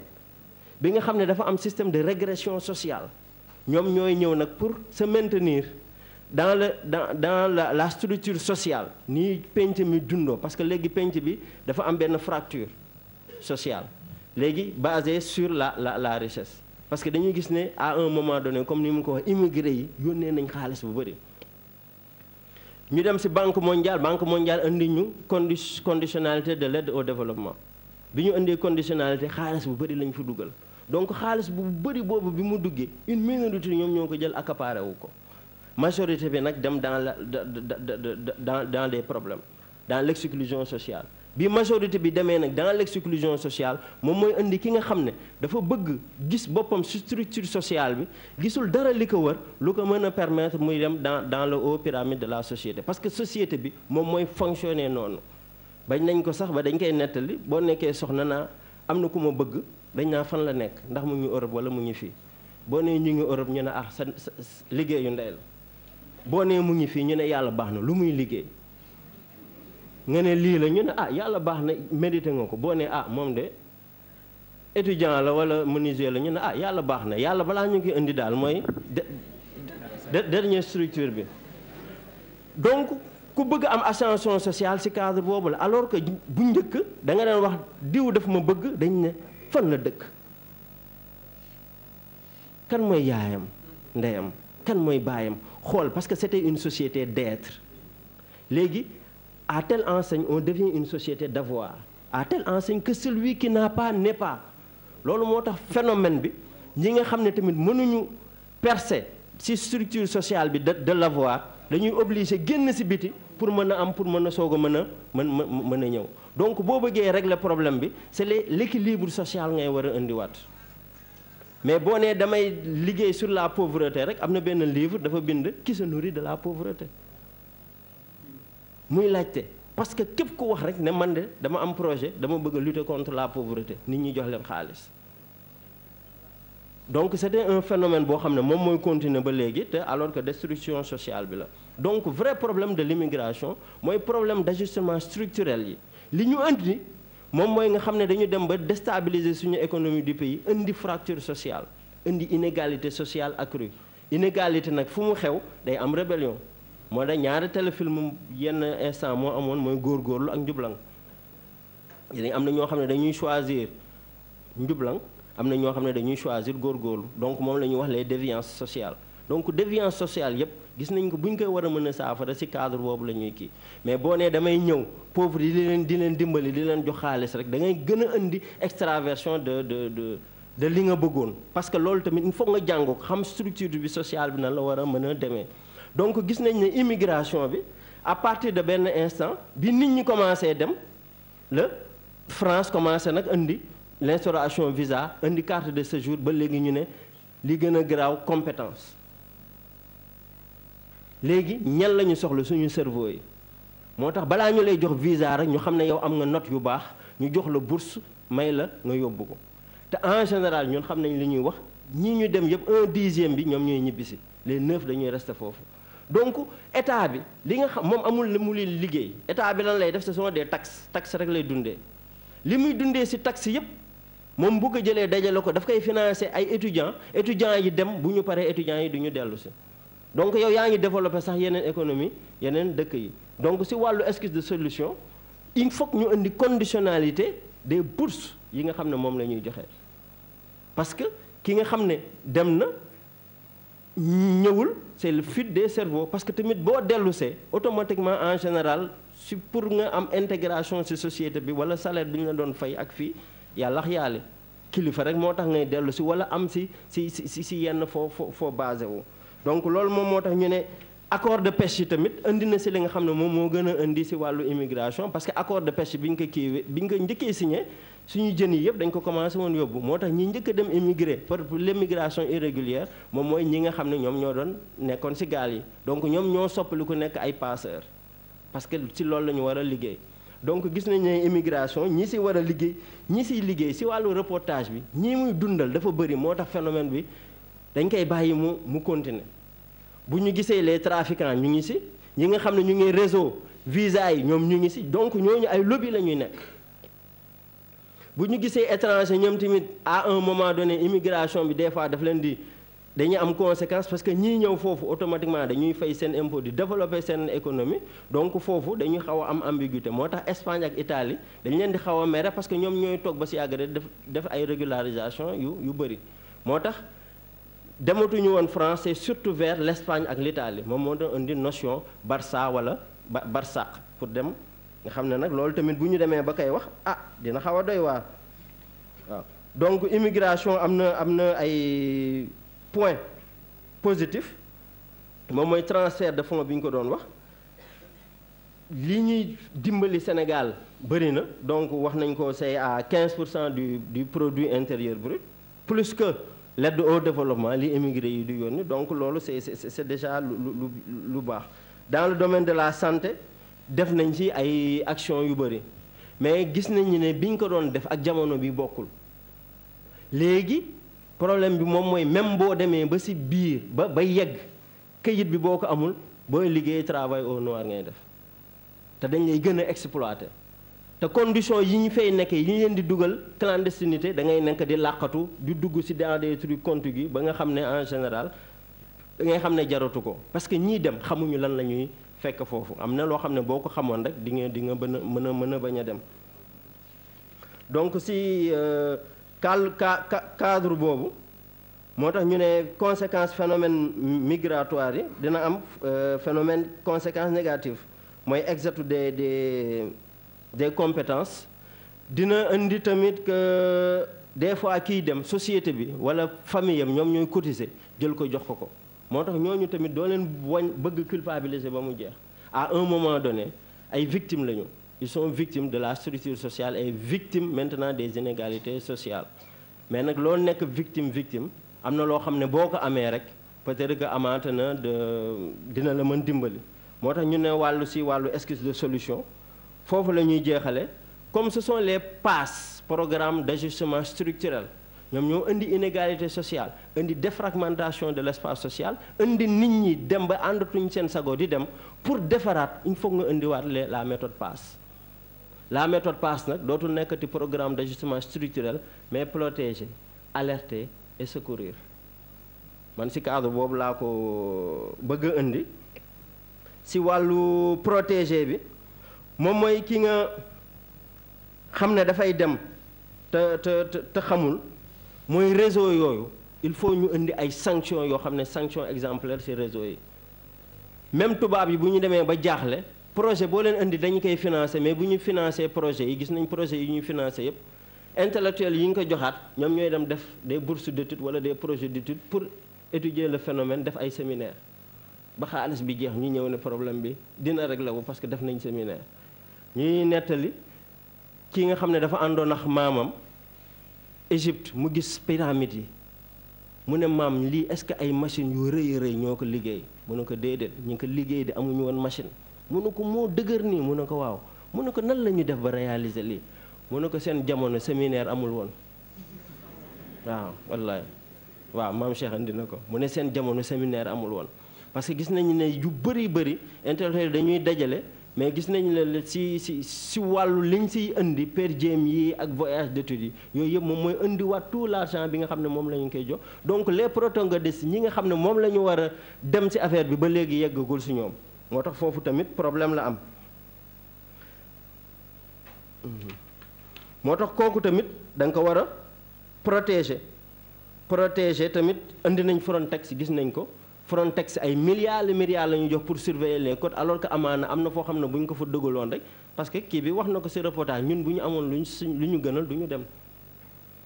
bi nga xam ne dafa am système de régression sociale ñoom ñooy ñëw nag pour se maintenir dans le dans dans la, la structure sociale ni penc mi dundoo parce que léegi penc bi dafa am benn fracture sociale léegi basée sur la la la richesse parce que dañuy gis ne à un moment donné comme ni mu ko wax immigré yi yónnee nañ xaalis bu bëri ñu dem si banque mondiale banque mondiale indi ñu condi conditionnalité de l'aide au développement bi ñu indee conditionnalité xaalis bu bëri lañ fi dugal donc xaalis bu bëri boobu bi mu duggee une minorité ñoom ñoo ko jël accaparé wu ko majorité bi nag dem dans la dans dans des problèmes dans l' sociale bi majorité bi demee nag dans l' sociale moom mooy indi ki nga xam ne dafa bëgg gis boppam si structure sociale bi gisul dara li ko wër lu ko mën a permettre muy dem dans dans le haut pyramide de la société parce que société bi moom mooy fonctionner noonu bañ nañ ko sax ba dañ koy nettali boo nekkee soxna naa am na ku ma bëgg dañ naa fan la nekk ndax mu ngi Europe wala mu ngi fii boo nee ñu ngi Europe ñu ne ah sa liggéeyu ndey la boo nee mu ngi fii ñu ne yàlla baax na lu muy liggéey nga ne lii la ñu ne ah yàlla baax na médité nga ko boo nee ah moom de étudiant la wala menuisier la ñu ne ah yàlla baax na yàlla balaa ñu ngi indi daal mooy de dernière structure bi donc ku bëgg am ascension sociale ci cadre boobu la alors que bu njëkk da nga doon wax diw dafa ma bëgg dañ ne fan la dëkk kan mooy yaayam ndeyam kan mooy baayam xool parce que c'était une société d'être léegi à telle enseigne on devient une société d'avoir à telle enseigne que celui qui n'a pas n'est pas loolu moo tax phénomène bi ñi nga xam ne tamit mënuñu percer ci structure sociale bi de de l'avoir dañuy obligé génn ci biti pour mën a am pour mën a soog a mën a mën mën a ñëw donc boo bëggee régler problème bi c'est l'équilibre sociale ngay war a indiwaat mais boo nee damay liggéey sur la pauvreté rek am na benn livre dafa bind qui se nourrit de la pauvreté muy laajte parce que képp ku wax rek ne man de dama am projet dama bëgg a lutter contre la pauvreté nit ñi jox leen xaalis donc c'était un phénomène boo xam ne moom mooy continuer ba léegi te alors que destruction sociale bi la donc vrai problème de l'immigration mooy problème d'ajustement structurel yi li ñu indi moom mooy nga xam ne dañu dem ba déstabiliser suñu économie du pays indi fracture sociale indi inégalité sociale accrue inégalité nag fu mu xew day am rébellion moo da ñaari téléfilm yenn instant moo amoon mooy góor góorgóorlu ak njublan yéen am na ñoo xam ne dañuy choisir njublan am na ñoo xam ne dañuy choisir góorgóorlu donc moom la ñuy wax les déviances sociales donc déviance sociale yépp gis nañ ko bu ñu koy war a mën a saafara si cadre boobu lañuy kii mais boo nee damay ñëw pauvre yi di leen dimbali di leen jox xaalis rek dangay ngay gën a indi extraversion de de de de li nga bëggoon parce que loolu tamit il nga jàng ko xam structure bi sociale bi na la war a mën a demee donc gis nañ ne immigration bi à partir de benn instant bi nit ñi commencé dem la France commencé nag indi l'instauration visa indi carte de séjour ba léegi ñu ne li gën a garaaw compétence léegi ñan la ñu soxla suñu cerveau yi moo tax balaa ñu lay jox visa rek ñu xam ne yow am nga note yu baax ñu jox la bourse may la nga yóbbu ko te en général ñun xam nañ li ñuy wax ñii ñu dem yëpp un dixième bi ñoom ñooy ñibbisi les neuf dañuy rester foofu. donc état bi li nga xam moom amul lu mu liggéey état bi lan lay def ce sont des taxes taxes rek lay dundee li muy dundee ci taxes yëpp. moom bu ko jëlee dajale ko daf koy financer ay étudiants étudiants yi dem bu ñu paree étudiants yi du ñu dellu si donc yow yaa ngi développé sax yeneen économie yeneen dëkk yi donc si wàllu esquisse de solution il faut ñu indi conditionnalité des bourses yi nga xam ne moom la ñuy joxe parce que ki nga xam ne dem na ñëwul c'est le fuite des cerveaux parce que tamit boo dellu see automatiquement en général si pour nga am intégration si société bi wala salaire bi ñu la doon fay ak fii yàllax yaale kilifa rek moo tax ngay dellu si wala am si si si si yenn foo foo foo basé donc loolu moom moo tax ñu ne accord de pêche yi tamit indi na si li nga xam ne moom moo gën a indi si wàllu immigration parce que accord de pêche bi ñu ko kii bi ñu ko njëkkee signé suñu jën yi yëpp dañ ko commencé woon yóbbu moo tax ñi njëkk a dem immigré pour l'immigration irrégulière moom mooy ñi nga xam ne ñoom ñoo doon nekkoon si gaal yi donc ñoom ñoo soppali ku nekk ay passeur parce que si loolu la ñu war a liggéey donc gis nañ ne immigration ñi si war a liggéey ñi siy liggéey si wàllu reportage bi ñi dundal dafa bëri moo tax phénomène bi dañ koy bàyyi mu mu continuer bu ñu gisee les trafiquants ñu ngi si ñi nga xam ne ñu ngi réseau visa yi ñoom ñu ngi si donc ñooñu ay lobby la ñuy nekk bu ñu gisee étranger ñoom tamit à un moment donné immigration bi des fois daf leen di dañuy am conséquence parce que ñii ñëw foofu automatiquement dañuy fay seen impôt di développer seen économie donc foofu dañuy xaw a am ambiguïté moo tax Espagne ak Italie dañ leen di xaw a mere parce que ñoom ñooy toog si yàgg def def ay régularisation yu yu bëri moo tax dematuñu woon France c'est surtout vers l'Espagne ak l'Italie moom moo doon indi notion Barça wala ba Barsaq pour dem nga xam ne nag loolu tamit bu ñu demee ba koy wax ah dina xaw a doy waar donc immigration am na am na ay point positif moom mooy transfert de fonds bi ñu ko doon wax li ñuy dimbali Sénégal bëri na donc wax nañ ko c'est à 15 pour cent du du produit intérieur brut plus que l'aide au développement li émigré yi yoon yónni donc loolu c'est c'est déjà lu lu lu baax dans le domaine de la santé def nañ ci ay action yu bëri mais gis nañu ne biñ ko doon def ak jamono bi bokkul léegi problème bi moom mooy même boo demee ba ci biir ba ba yegg këyit bi boo ko amul booy liggéey travail au noir ngay def te dañ lay gën a exploiter te condition yi ñu fay nekk yi ñu leen di dugal clandestinité da ngay nekk di làqatu di dugg ci dans des trucs contigus ba nga xam ne en général da ngay xam ne jaratu ko parce que ñii dem xamuñu lan la ñuy fekk foofu am na loo xam ne boo ko xamoon rek di nga di nga bën a mën a mën a bañ a dem donc ci euh, cal cadre boobu moo tax ñu ne conséquence phénomène migratoire yi dina am euh, phénomène conséquence négative mooy exode de des des compétence dina indi tamit que des fois kiy dem société bi wala famille am ñoom ñooy cotiser jël ko jox ko ko moo tax ñooñu tamit doo leen wañ bëgg culpabiliser ba mu jeex à un moment donné ay victimes lañu il sont victime de la structure sociale ay victimes maintenant des inégalités sociales mais nag loolu nekk victime victime am na loo xam ne boo ko amee rek peut-être que amaate na de dina la mën dimbali moo tax ñu ne wàllu si wàllu esquisse de solution foofu la ñuy jeexale comme ce sont les PAS programmes d'ajustement structurel ñoom ñoo indi inégalité sociale indi défragmentation de l'espace sociale indi nit ñi dem ba àndatuñ seen sago di dem pour defaraat il faut nga indiwaat le la méthode PAS la méthode PAS nag dootul nekkati programme d'ajustement structurel mais protéger alerter et secourir man ci cadre boobu laa ko bëgg a indi ci wàllu protéger bi moom mooy ki nga xam ne dafay dem te te te xamul mooy réseau yooyu il faut ñu indi ay sanctions yoo xam ne sanctions exemplaires ci réseau yi même tubaab yi bu ñu demee ba jaaxle projet boo leen indi dañu koy financer mais bu ñu financer projet yi gis nañ projet yi ñu financer yépp intellectuels yi ñu ko joxaat ñoom ñooy dem def des bourses d'études wala des projets d'études pour étudier le phénomène def ay séminaire ba xaalis bi jeex ñu ñëw ne problème bi dina réglé wu parce que def nañ séminaire ñuy nettali ki nga xam ne dafa àndoon ak maamam Égypte mu gis pyramide yi mu ne maam lii est-ce que ay machine yu rëy rëy ñoo ko liggéey mu ne ko déedéet ñu ngi ko liggéey di amuñu woon machine mu ne ko moo dëgër nii mu ne ko waaw mu ne ko nan la ñu def ba réaliser lii mu ne ko seen jamono séminaire amul woon waaw wallaay waaw maam Cheikh dina ko mu ne seen jamono séminaire amul woon parce que gis nañu ne yu bari bëri intellectuel dañuy dajale mais gis nañ la si si si wàllu liñ siy indi per diem yi ak voyage d'études yi yooyu yëpp moom mooy indiwaat tout l'argent bi nga xam ne moom la ñu koy jox donc les protagonistes ñi nga xam ne moom la ñu war a dem si affaire bi ba léegi yeggagul si ñoom moo tax foofu tamit problème la am moo tax kooku tamit da nga ko war a protéger protéger tamit indi nañ Frontex gis nañ ko Frontex ay milliards les milliards la ñu jox pour surveiller les côtes alors que amaana am na foo xam ne bu ñu ko fa dëggaloon rek parce que kii bi wax na ko si reportage ñun bu ñu amoon luñ suñ lu ñu gënal du ñu dem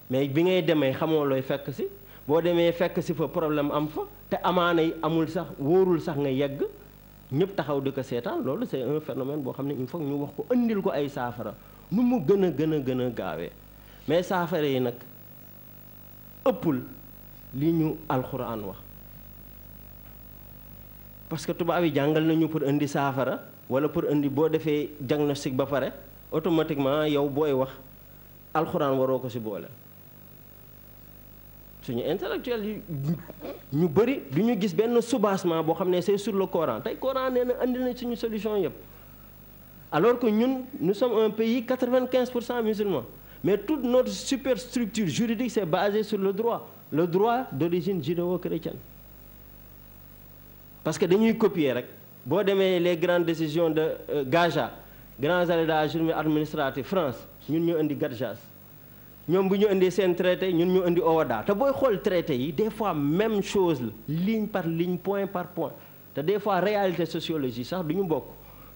mais bi ngay demee xamoo looy fekk si boo demee fekk si fa problème am fa te amaana yi amul sax wóorul sax nga yegg ñëpp taxaw di ko seetaan loolu c'est un boo xam ne il faut ñu wax ko indil ko ay saafara nu mu gën a gën a gën a gaawee mais saafara yi nag ëppul li ñu alxuraan wax parce que tubaab yi jàngal nañu pour indi saafara wala pour indi boo defee diagnostic ba pare automatiquement yow booy wax alxuraan waroo ko ci boole suñu intellectuel yi ñu bëri du ñu gis benn soubassement boo xam ne c'est sur le Coran tey Coran nee indi nañ suñu solution yëpp alors que ñun nous sommes un pays 95 pour cent musulmans mais toute notre superstructure juridique c'est basé sur le droit le droit d'origine judéo-chrétienne parce que dañuy copier rek boo demee les grandes décisions de euh, Gaja grands arrêts de la journée administrative France ñun ñu indi Gadjas ñoom bu ñu indee seen traité ñun ñu indi OHADA te booy xool traité yi des fois même chose la ligne par ligne point par point te des fois réalité sociologie sax du ñu bokk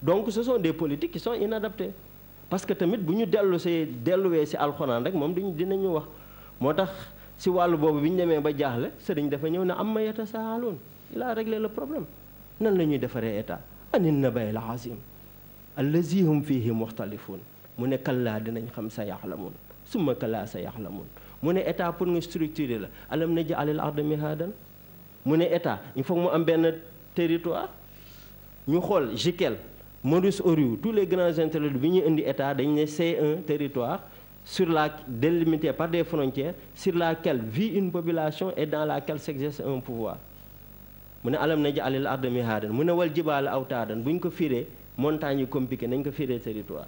donc ce sont des politiques qui sont inadaptées parce que tamit bu ñu dellu si delluwee si alxuraan rek moom duñu dinañu wax moo tax si wàllu boobu bi ñu demee ba jaaxle sëriñ dafa ñëw ne am ma yata saaloon il a réglé le problème nan la ñuy defaree état anin nabayil azim allazi hum fihi muxtalifuun mu ne kallaa dinañ xam sa yaxlamun summa kallaa sa yaxlamun mu ne état pour nga structurer la alam na ja'alil arda mihaadan mu ne état il faut mu am benn territoire ñu xool Jikel Maurice Horiou tous les grands intellectuels bi ñuy indi état dañ ne c'est un territoire sur la délimité par des frontières sur la laquelle vit une population et dans laquelle s'exerce un pouvoir mu ne alam na ji alil arda mihaadan mu ne wal jibaala awtaadan bu ñu ko firee montagne yi compliqué nañ ko firee territoire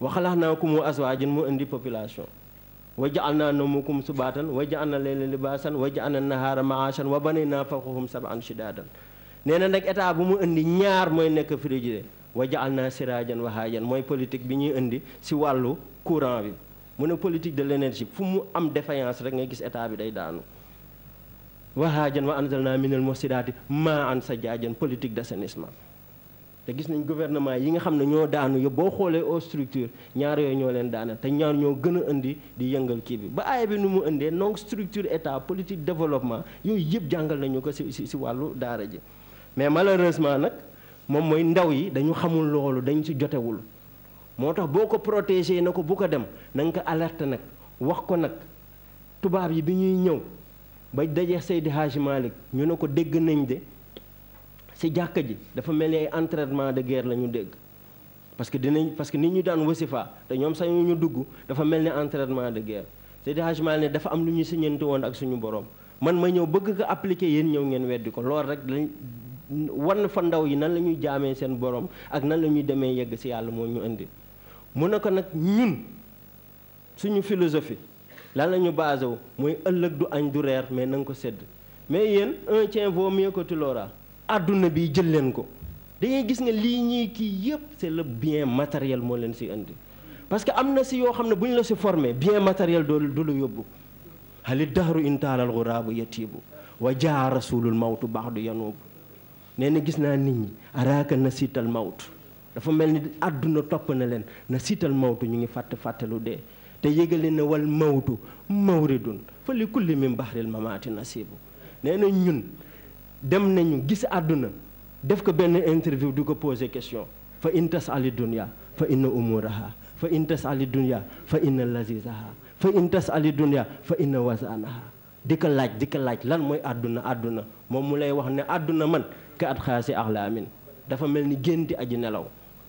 waxalaxnaakum wa azwaajan mu indi population wa ja'alnaa nawmakum subaatan wa ja'alnaa layla libaasan wa ja'alnaa nahaara ma'aashan wa banaynaa fawqakum sab'an shidaadan nee na nag état bu mu indi ñaar mooy nekk frigide wa ja'alnaa siraajan wa haajan mooy politique bi ñuy indi si wàllu courant bi mu ne politique de l'énergie fu mu am défaillance rek nga gis état bi day daanu wahaajan wa anzalna minal muhsinaati maa an sajjaajan politique d'assainissement te gis nañ gouvernement yi nga xam ne ñoo daanu yëpp boo xoolee aux structure ñaar yooyu ñoo leen daana te ñaar ñoo gën a indi di yëngal kii bi ba aaya bi nu mu indee donc structure état politique développement yooyu yëpp jàngal nañu ko si si si wàllu daara ji mais malheureusement nag moom mooy ndaw yi dañu xamul loolu dañu ci jotewul moo tax boo ko protégé na ko bu ko dem na ko alerte nag wax ko nag tubaab yi bi ñuy ñëw ba daje Seydi Hadji Malick ñu ne ko dégg nañ de si jàkka ji dafa mel ni ay entraînement de guerre la ñu dégg parce que dinañ parce que nit ñu daan wasifa te ñoom sañu ñu dugg dafa mel ni entraînement de guerre Seydi Hadji Malick ne dafa am lu ñu siñante woon ak suñu borom man ma ñëw bëgg ko appliquer yéen ñëw ngeen weddi ko loolu rek lañ wan fa ndaw yi nan la ñuy jaamee seen borom ak nan la ñuy demee yegg si yàlla moo ñu indi mun ne ko nag ñun suñu philosophie lan la ñu basé wu mooy ëllëg du añ du reer mais na ko sedd mais yéen un tien vaut mieux que tu l'auras àdduna bi jël leen ko da gis ne lii ñuy kii yépp c'est le bien matériel moo leen si indi parce que am na si yoo xam ne bu ñu la si formé bien matériel doo du lu yóbbu hali dahru intaalal xuraabu yatiibu wa jaa rasulul mawtu baax du yanuubu nee na gis naa nit ñi araaka na siital mawtu dafa mel ni àdduna topp na leen na siital mawtu ñu ngi fàtte fàtte lu te yëgale na wal mawtu mawridun fa li kulli min bahril mamaati nasibu nee na ñun dem nañu gis àdduna def ko benn interview di ko poser question fa in tasali dunia fa inna umuraha fa in tasali dunia fa inna lazizaha fa in tasali dunia fa inna wasaanaha di ko laaj di ko laaj lan mooy àdduna àdduna moom mu lay wax ne àdduna man ka at xaasi axlaamin dafa mel ni génn génti aji nelaw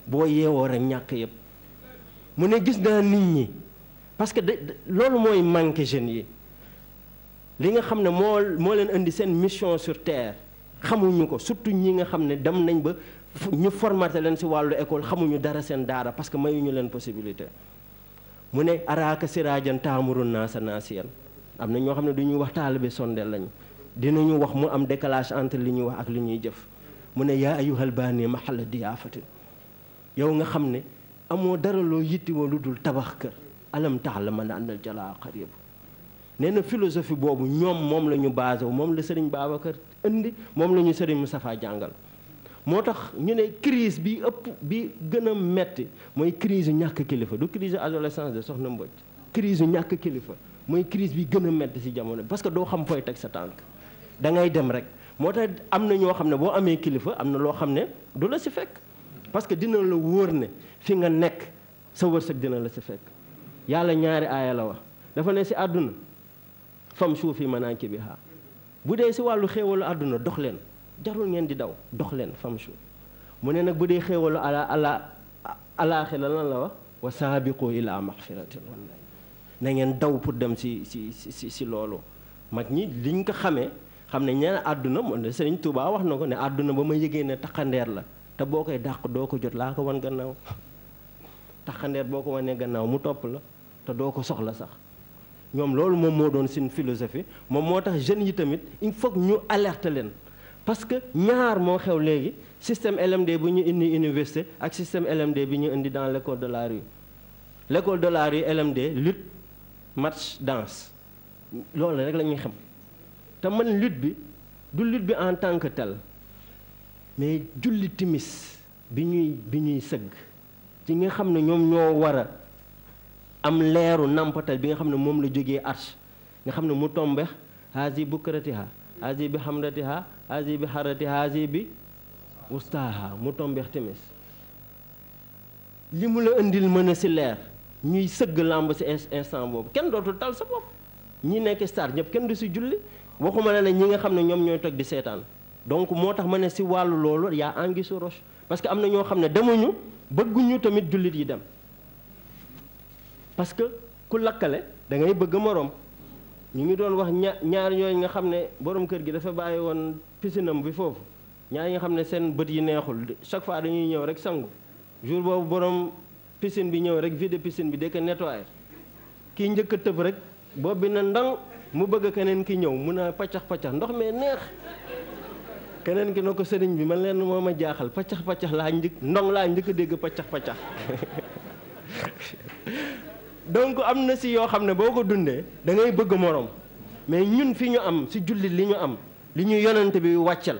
boo yeewoo rek ñàkk yëpp mu ne gis naa nit ñi parce que de loolu mooy manqué jeunes yi li nga xam ne moo moo leen indi seen mission sur terre xamuñu ko surtout ñi nga xam ne dem nañ ba ñu formate leen si wàllu école xamuñu dara seen daara parce que mayuñu leen possibilité mu ne araaka siraajan taamurun naa sa naasiyan am na ñoo xam ne du ñuy wax taalibe sondeel lañu ñu wax mu am décalage entre li ñuy wax ak li ñuy jëf mu ne yaa ayuhal ma maxalla diyaafatin yow nga xam ne amoo dara loo yitti woo lu dul tabax kër alam ta'lam anna al-jalaa qariib nee na philosophie boobu ñoom moom la ñu basé wu moom la Serigne Babacar indi moom la ñu mu Moustapha jàngal moo tax ñu ne crise bi ëpp bi gën a metti mooy crise yu ñàkk kilifa du crise adolescence de soxna Mbodj crise yu ñàkk kilifa mooy crise bi gën a metti ci jamono parce que doo xam fooy teg sa tànk da ngay dem rek moo tax am na ñoo xam ne boo amee kilifa am na loo xam ne du la ci fekk parce que dina la wóor ne fi nga nekk sa wërsëg dina la ci fekk yàlla ñaari aaya la wax dafa ne si àdduna fam suufi manaakibihaa bu dee si wàllu xéewalu àdduna dox leen jarul ngeen di daw dox leen fam suuf mu ne nag bu dee xéewalu ala ala alaaxira lan la wax wa saabiqu ilaa ngeen daw pour dem si si si si mag ñi liñ ko xamee xam ne ñeneen àdduna moom ne Sëriñ Tuubaa wax na ko ne àdduna ba ma yëgee ne taxandeer la te boo koy dàq doo ko jot laa ko wan gannaaw taxandeer boo ko wanee gannaaw mu topp la te doo ko soxla sax ñoom loolu moom moo doon seen philosophie moom moo tax jeunes yi tamit il foog ñu alerter leen parce que ñaar moo xew léegi système LMD bu ñu indi université ak système LMD bi ñu indi dans l' école de la rue l' de la rue LMD lutte marche danse loolu rek lañuy ñuy xam te man lutte bi du lutte bi en tant que tel mais julli timis bi ñuy bi ñuy sëgg ci nga xam ne ñoom ñoo war a am leeru nampatal bi nga xam ne moom la jóge arche nga xam ne mu tombe haasi bukratiha haasi bi hamratiha haasi bi haratiha haasi bi ustaha mu tombe timis li mu la indil mën a si leer ñuy sëgg làmb si instant boobu kenn dootul tal sa bopp ñi nekk star ñëpp kenn du si julli waxuma la ne ñi nga xam ne ñoom ñooy toog di seetaan donc moo tax ma ne si wàllu loolu yaa angi su roche parce que am na ñoo xam ne demuñu bëgguñu tamit jullit yi dem parce que ku lakkale da ngay bëgg moroom ñu ngi doon wax ña ñaar ñooñu nga xam ne borom kër gi dafa bàyyi woon pisinam bi foofu ñaar yi nga xam ne seen bët yi neexul chaque fois dañuy ñëw rek sangu jour boobu borom piscine bi ñëw rek vide piscine bi de ko nettoyé kii njëkk a tëb rek boobu bi na ndang mu bëgg keneen ki ñëw mun a paccax paccax ndox mee neex keneen ki na ko sëriñ bi man leen moom a jaaxal paccax paccax laa njëkk ndong laa njëkk dégg paccax paccax donc am na si yoo xam ne boo ko dundee da ngay bëgg moroom mais ñun fi ñu am si jullit li ñu am li ñuy yonante bi wàccal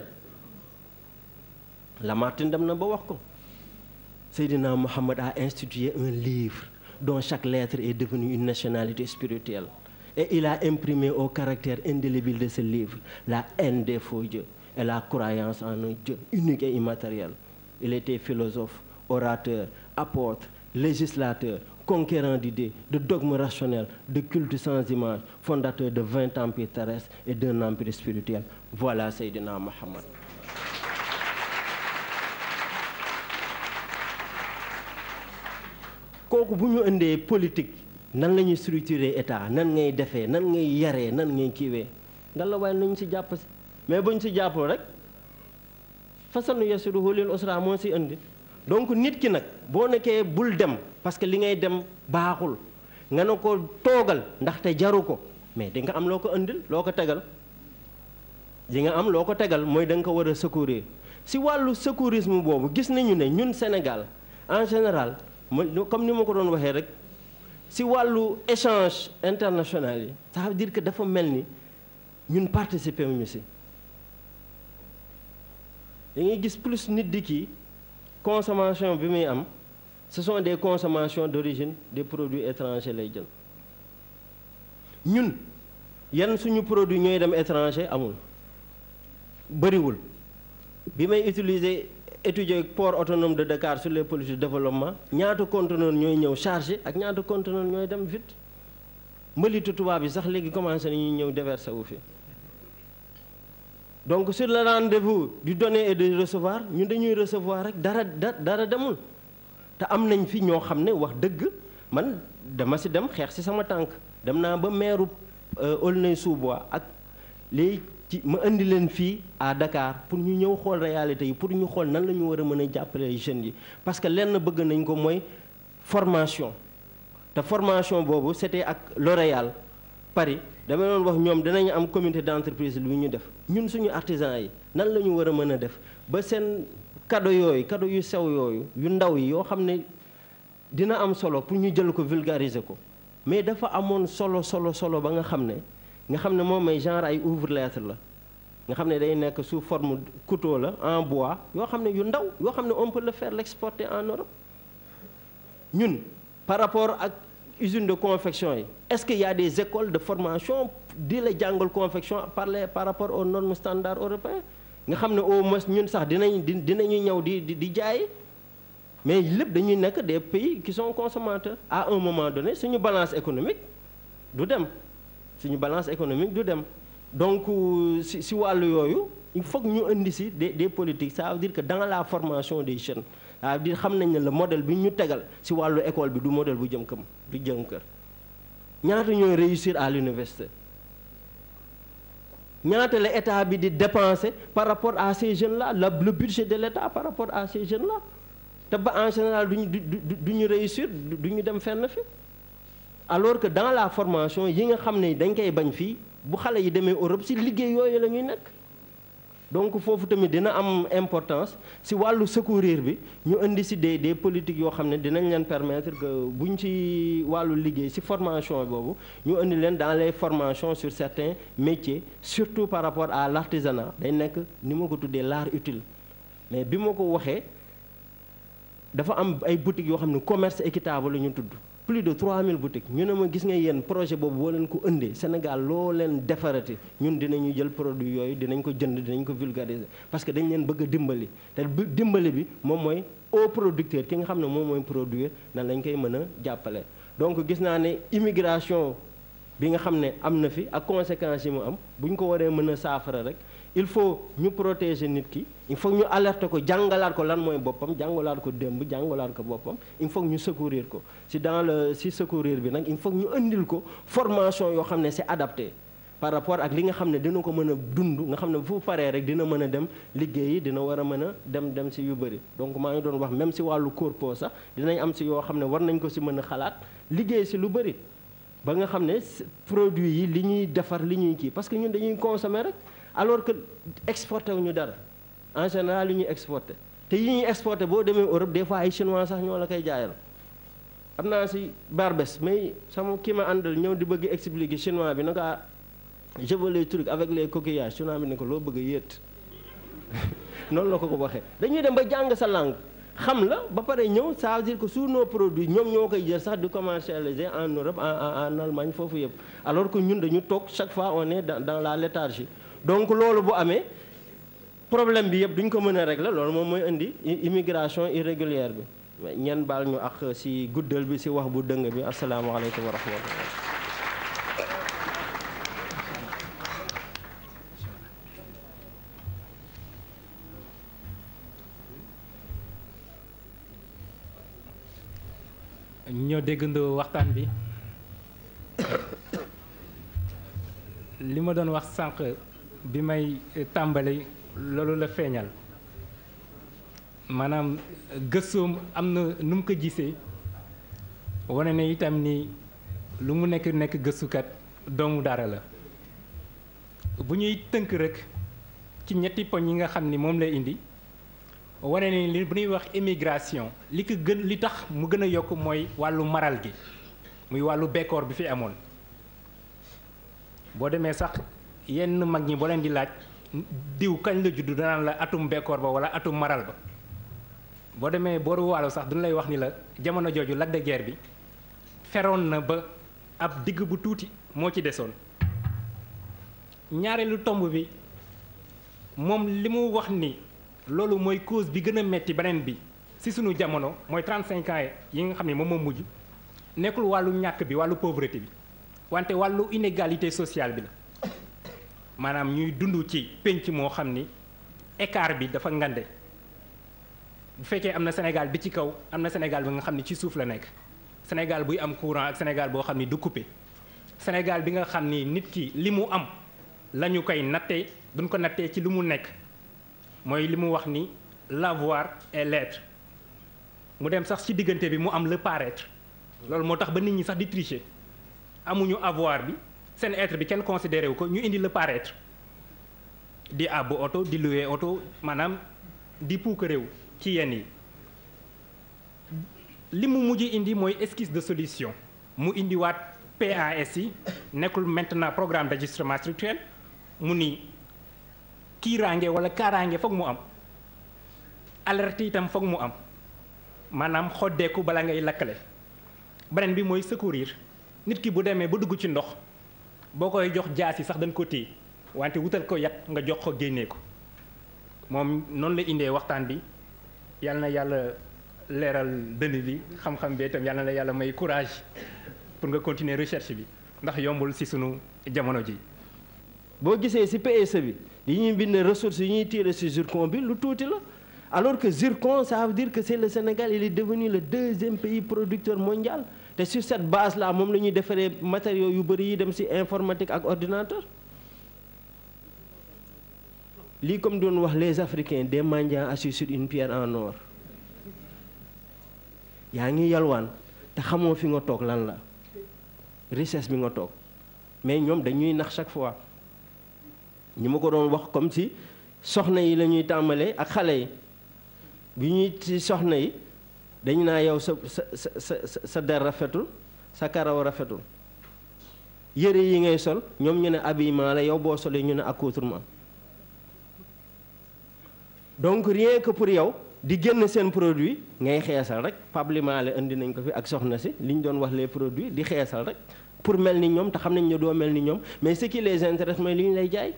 Lamartine dem na ba wax ko Seydina Mohamed a institué un livre donc chaque lettre et devenue une nationalité spirituelle et il a imprimé au caractère indélébile de ce livre la haine des faux et la croyance en un Dieu unique et immatériel il était philosophe orateur apôtre législateur conquérant d'idées, de dogmes rationnels, de culte sans image, fondateur de 20 empires terrestres et de empire spirituel. Voilà Sayyidina Muhammad. kooku bu ñu indee politique nan la ñuy structurer état nan ngay defee nan ngay yaree nan ngay kiiwee ngan la waaye nañu si jàpp si mais ba ñu si jàppoo rek fasanu yasiruhu lil usra moo si indi donc nit ki nag boo nekkee bul dem parce que li ngay dem baaxul nga ne ko toogal ndax ndaxte jaru ko mais di nga am loo ko indil loo ko tegal di nga am loo ko tegal mooy danga ko war a secourir si wàllu secourisme boobu gis nañu ne ñun Sénégal en général comme ni ma ko doon waxee rek si wàllu échange international yi ça veut dire que dafa mel ni ñun participer wuñu si da ngay gis plus nit di kii consommation bi muy am ce sont des consommations d'origine des produits étrangers lay jël ñun yan suñu produit ñooy dem étranger amul bëriwul bi may utiliser étudier port autonome de Dakar sur les politiques de ñaata conteneur ñooy ñëw chargé ak ñaata conteneur ñooy dem vite mbalitu tubaab yi sax léegi commencé nañuy ñëw déverser wu fi donc sur la rendez-vous du donner et de recevoir ñun dañuy recevoir rek dara dara demul te am nañ fi ñoo xam ne wax dëgg man dama si dem xeex si sama tànk dem naa ba meeru euh, Aulnay-sous-Bois ak léegi ci ma indi leen fii à Dakar pour ñu ñëw xool réalité yi pour ñu xool nan la ñu war a mën a jàppale jeunes yi parce que lenn bëgg nañ ko mooy formation te formation boobu c'était ak L'Oréal Paris dama doon wax ñoom danañu am comité d'entreprise lu ñu def ñun suñu artisan yi nan la ñu war a mën a def ba seen kado yooyu kado yu sew yooyu yu ndaw yi yoo xam ne dina am solo pour ñu jël ko vulgariser ko mais dafa amoon solo solo solo ba nga xam ne nga xam ne moom may genre ay ouvre-lettre la nga xam ne day nekk sous forme couteau la en bois yoo xam ne yu ndaw yoo xam ne on peut le faire l'exporter en Europe ñun par rapport ak usine de confection yi est-ce que y a des écoles de formation di la jàngal confection par les par rapport aux normes standards européens nga xam ne au moins ñun sax dinañ dinañu ñëw di di jaay mais lépp dañuy nekk des pays qui sont consommateurs à un moment donné suñu balance économique du dem suñu balance économique du dem donc euh, si si wàllu yooyu il faut ñu indi si des des politiques ça veut dire que dans la formation des jeunes ça veut xam nañ ne le modèle bi ñu tegal si wàllu école bi du modèle bu jëm këm du jëm kër ñaata ñooy réussir à l'université ñaata la état bi di dépenser par rapport à ces jeunes là la le budget de l' par rapport à ces jeunes te ba en général duñu du du ñu réussir du ñu dem fenn fi alors que dans la formation yi nga xam ne dañ koy bañ fii bu xale yi demee Europe si liggéey yooyu la ñuy nekk. donc foofu tamit dina am importance si wàllu secourir bi ñu indi si des des politiques yoo xam ne dinañ leen permettre que bu ñu ci wàllu liggéey si formation boobu ñu indi leen dans les formations sur certains métiers surtout par rapport à l'artisanat day nekk ni ma ko tuddee laar utile mais bi ma ko waxee dafa am ay boutiques yoo xam ne commerce équitable la ñu tudd plus de mille boutiques ñu ne ma gis nga yéen projet boobu boo leen ko indee Sénégal loo leen defarati ñun dinañu jël produit yooyu dinañ ko jënd dinañ ko vulgariser parce que dañ leen bëgga a dimbali te dimbali bi moom mooy au producteur ki nga xam ne moom mooy produire nan lañ koy mën a jàppale. donc gis naa ne immigration bi nga xam ne am na fi ak conséquences yi mu am bu ñu ko waree mën a saafara rek. il faut ñu protéger nit ki il faut ñu alerter ko jàngalaat ko lan mooy boppam jàngalaat ko démb jàngalaat ko boppam il faut ñu secourir ko si dans le si secourir bi nag il faut ñu indil ko formation yoo xam ne si adapté par rapport ak li nga xam ne dina ko mën a dund nga xam ne fu paree rek dina mën a dem liggéeyi dina war a mën a dem dem si yu bëri donc maa ngi doon wax même si wàllu corpo sax dinañ am si yoo xam ne war nañ ko si mën a xalaat liggéey si lu bëri ba nga xam ne produit yi li ñuy defar li ñuy kii parce que ñun dañuy consommer alors que exporté wu ñu dara en général li ñuy exporté te yi ñuy exporté boo demee Europe des fois ay chinois sax ñoo la koy jaayal am naa si barbes mais sama kii ma àndal ñëw di bëgg expliquer chinois bi na ko ah, je veux les trucs avec les coquillages chinois bi ni ko loo bëgg a yéet noonu la ko ko waxee dañuy dem ba jàng sa langue xam la ba pare ñëw ça veut dire que sur ñoom ñoo koy jël sax di commercialiser en Europe en en en Allemagne foofu yëpp alors que ñun dañu toog chaque fois on est dans dans la léthargie. donc loolu bu amee problème bi yëpp duñ ko mën a régler loolu moom mooy indi immigration irrégulière bi ñen baal ñu ak ci guddal bi ci wax bu dëng bi asalaamaaleykum wa rahmatullah ñoo déggandoo waxtaan bi li ma doon wax sànq bi may tàmbali loolu la feeñal maanaam gëstoom am na nu mu ko gisee wane na itam nii lu mu nekk nekk gëstukat doomu dara la bu ñuy tënk rek ci ñetti poñ yi nga xam ni moom lay indi wane ne li bu ñuy wax immigration li ko gën li tax mu gën a yokk mooy wàllu maral gi muy wàllu bekkoor bi fi amoon boo demee sax yenn mag ñi boo leen di laaj diw kañ la judd danaan la atum bekkoor ba wala atum maral ba boo demee booru waalo sax duñu lay wax ni la jamono jooju Lac de Guiers bi feroon na ba ab digg bu tuuti moo ci desoon ñaareelu tomb bi moom li mu wax ni loolu mooy cause bi gën a metti beneen bi si sunu jamono mooy 35 ans yi nga xam ne moom moo mujj nekkul wàllu ñàkk bi wàllu pauvreté bi wante wàllu inégalité sociale bi la maanaam ñuy dund ci pénc moo xam ni écart bi dafa ngande bu fekkee am na Sénégal bi ci kaw am na Sénégal bi nga xam ni ci suuf la nekk Sénégal buy am courant ak Sénégal boo xam ni du coupé Sénégal bi nga xam ni nit ki li mu am la ñu koy nattee duñ ko nattee ci lu mu nekk mooy li mu wax ni l'avoir et l'être mu dem sax ci diggante bi mu am le paraître loolu moo tax ba nit ñi sax di tricher amuñu avoir bi seen être bi kenn considéré wu ko ñu indi le paraître di àbbu oto di louer oto maanaam di puukaréew ci yenn yi li mu mujj indi mooy eskis de solution mu indiwaat PAS yi nekkul maintenant programme d'ajustement structurel mu ni kiiraange wala kaaraange foog mu am alerte itam foog mu am maanaam xoddeeku bala ngay lakkale beneen bi mooy secourir nit ki bu demee ba dugg ci ndox boo koy jox jaas yi sax dañ ko téye wante wutal ko yat nga jox ko génnee ko moom noonu la indee waxtaan bi yal na yàlla leeral dënn bi xam-xam bi itam yal na la yàlla may courage pour nga continuer recherche bi ndax yombul si sunu jamono ji boo gisee si PSE bi li ñuy bind ressources yi ñuy tirer si zircon bi lu tuuti la alors que zircon ça veut dire que c'est le Sénégal il est devenu le deuxième pays producteur mondial te sur cette base laa moom la ñuy defaree matériaux yu bëri yi dem ci informatique ak ordinateur lii comme doon wax les africains des mendiants assis une pierre en or yaa ngi yalwaan te xamoo fi nga toog lan la richesse bi nga toog mais ñoom dañuy nax chaque fois ñi ma ko doon wax comme si soxna yi lañuy tàmbalee ak xale yi bi ñuy ci soxna yi dañu naa yow sa sa sa sa sa der rafetul sa karaw rafetul yére yi ngay sol ñoom ñu ne habillement la yow boo solee ñu ne ak accoutrement donc rien ko pour yow di génn seen produit ngay xeesal rek pablement la indi nañ ko fi ak soxna si li ñu doon wax les produits di xeesal rek pour mel ni ñoom te xam nañ ne doo mel ni ñoom mais ce qui les intéresse mooy li ñu lay jaay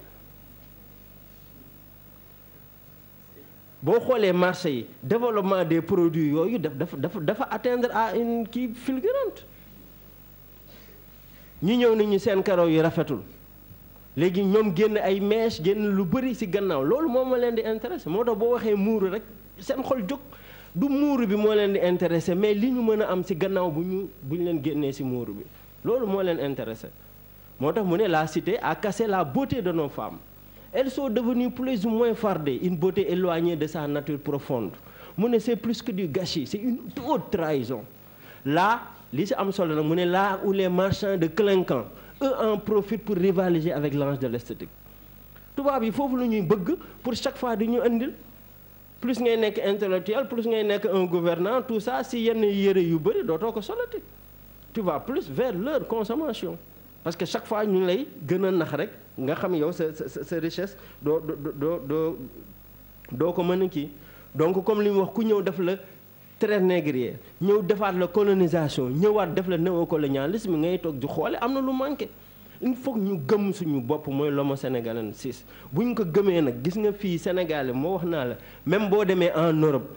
boo xoolee marché yi développement des produit yooyu dafa dafa dafa atteindre à une kii fulgurante ñu ñëw ñu seen karaw yu rafetul léegi ñoom génn ay mèche génn lu bëri ci gannaaw loolu moo ma leen di intéressé moo tax boo waxee muuru rek seen xol jóg du muuru bi moo leen di intéressé mais li ñu mën a am ci gannaaw bu ñu bu ñu leen génnee ci muuru bi loolu moo leen intéressé moo tax mu ne la cité a cassé la beauté de nos femmes elles sont devenues plus ou moins fardées une beauté éloignée de sa nature profonde mu ne c'est plus que du gâchis c'est une haute trahison là li si am solo nag mu ne là où les marchands de clinquant eux en profitent pour rivaliser avec l'ange de l'esthétique tubaab yi foofu la ñuy bëgg pour chaque fois di ñu indil plus ngay nekk intellectuel plus ngay nekk un gouvernant tout ça si yenn yére yu bëri dootoo ko solati tu plus vers leur consommation parce que chaque fois ñu lay gën a nax rek nga xam yow sa sa sa richesse doo doo doo doo ko mën a kii donc comme li mu wax ku ñëw def la traite négrière ñëw defaat la colonisation ñëwaat def la ko la mi ngay toog di xoole am na lu manqué. il faut ñu gëm suñu bopp mooy l'homo sénégalais sis bu ñu ko gëmee nag gis nga fii Sénégal moo wax naa la même boo demee en Europe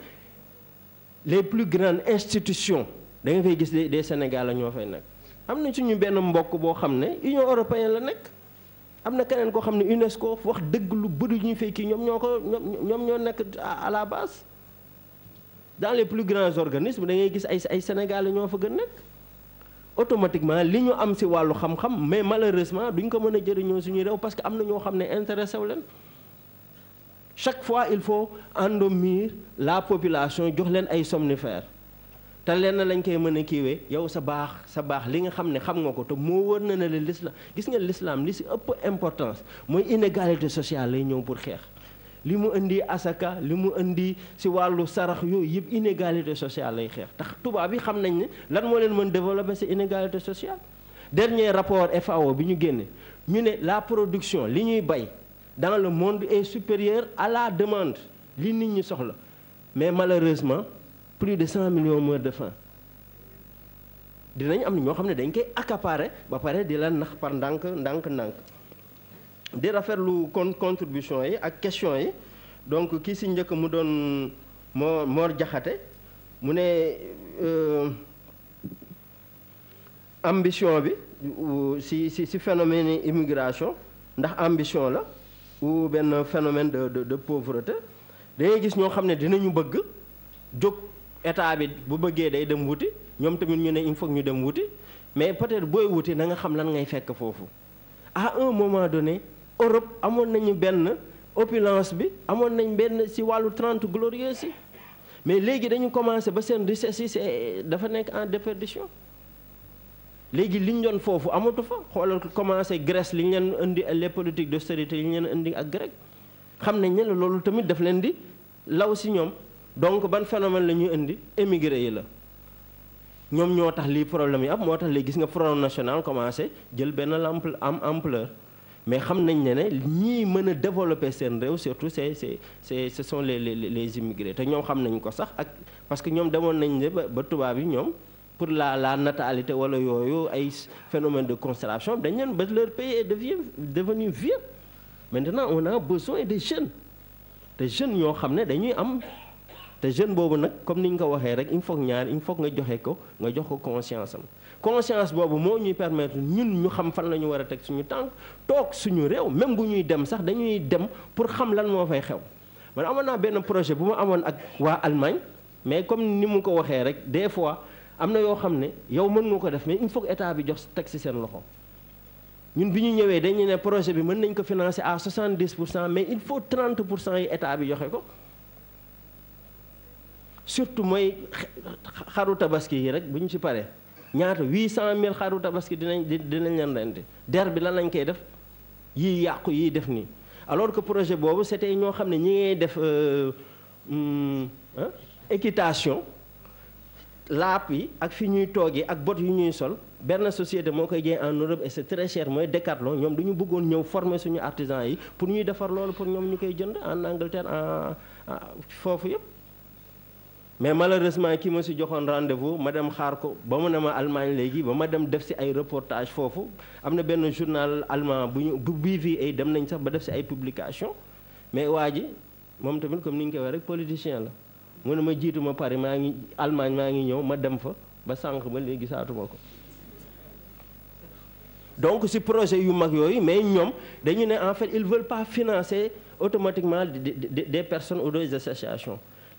les plus grandes institutions da nga fay gis des Sénégalais ñoo fay nag. am na suñu benn mbokk boo xam ne Union européenne la nekk am na keneen koo xam ne UNESCO wax dëgg lu bëri ñu fay kii ñoom ñoo ko ñoom ñoo nekk à la base dans les plus grands organismes da ngay gis ay ay Sénégalais ñoo fa gën nekk automatiquement li ñu am si wàllu xam-xam mais malheureusement duñ ko mën a jëriñoo suñuy réew parce que am na ñoo xam ne intéressé wu leen chaque fois il faut endormir la population jox leen ay somnifères. te lenn lañ koy mën a kiiwee yow sa baax sa baax li nga xam ne xam nga ko te moo wër na ne la gis nga lislaam li si ëpp importance mooy inégalité sociale lay ñëw pour xeex li mu indi asaka li mu indi si wàllu sarax yooyu yëpp inégalité sociale lay xeex tax tubaab yi xam nañ ne lan moo leen mën développer ces inégalité sociale dernier rapport FAO bi ñu génnee ñu ne la production li ñuy bay dans le monde est supérieur à la demande li nit ñi soxla mais malheureusement plus de cent millions meurent de faim dinañ am ñoo xam ne dañ koy accaparer ba pare di la nax par ndànk ndànk ndànk di rafetlu kon contribution yi ak question yi donc kii si njëkk mu doon moo Mor Jaxate mu ne euh, ambition bi si si si phénomène immigration ndax ambition la ou benn phénomène de de de pauvreté dangay gis ñoo xam ne dinañu bëgg jóg état bi bu bëggee day dem wuti ñoom tamit ñu ne il ñu dem wuti mais peut-être booy wuti na nga xam lan ngay fekk foofu ah un moment donné Europe amoon nañu benn opulence bi amoon nañ benn ci wàllu trente glorieuses si mais léegi dañu commencé ba seen richesse yi dafa nekk en déperdition léegi li ñu doon foofu amatu fa xoolal commencé Grèce li ñu leen indi les politiques d'austérité li ñu leen indi ak grec xam nañ ne loolu tamit daf leen di law ci ñoom donc ban phénomène la ñuy indi émigré yi la ñoom ñoo tax lii problème yi am moo tax léegi gis nga front national commencé jël benn ample am ampleur mais xam nañ ne ne ñuy mën a développer seen réew surtout c'est c'est c'est ce sont les les les immigrés te ñoom xam nañ ko sax ak parce que ñoom demoon nañ ne ba tubaab yi ñoom pour la la natalité wala yooyu ay phénomène de constellation dañ leen ba leur pays est devenu devenu vieux maintenant on a besoin des jeunes des jeunes ñoo xam ne dañuy am te jeune boobu nag comme ni ñu ko waxee rek il faut ñaar il faut nga joxe ko nga jox ko conscience am conscience boobu moo ñuy permettre ñun ñu xam fan la ñu war a teg suñu tànk toog suñu réew même bu ñuy dem sax dañuy dem pour xam lan moo fay xew man amoon naa benn projet bu ma amoon ak waa Allemagne mais comme ni mu ko waxee rek des fois am na yoo xam ne yow mën nga ko def mais il faut que bi jox teg si seen loxo ñun bi ñu ñëwee dañu ne projet bi mën nañ ko à 70 pour cent mais il faut 30 pour cent yi état bi joxe ko. surtout mooy xaru tabaski yi rek bu ñu ci paree cent mille xaru tabaski dinañ dinañ leen rendi der bi lan lañ koy def yi yàqu yii def nii alors que projet boobu c'était ñoo xam ne ñi ngay def euh, hmm, équitation laap yi ak fi ñuy toogee ak bot yu ñuy sol benn société moo koy jëy en Europe et c'est très mooy Decathlon ñoom du ñu bëggoon ñëw former suñu artisan yi pour ñuy defar loolu pour ñoom ñu koy jënd en Angleterre en foofu yëpp mais malheureusement kii ma si joxoon rendez ma dem xaar ko ba mu ne ma Allemagne léegi ba ma dem def si ay reportage foofu am na benn journal allemand bu ñu bu bii ay dem nañ sax ba def si ay publication mais waa ji moom tamit comme ni ñu koy waxee rek politicien la mu ne ma jiitu ma Paris maa ngi Allemagne maa ngi ñëw ma dem fa ba sànq ba léegi saatuma ko donc si projet yu mag yooyu mais ñoom dañu ne en fait ils veulent pas financer automatiquement des personnes ou des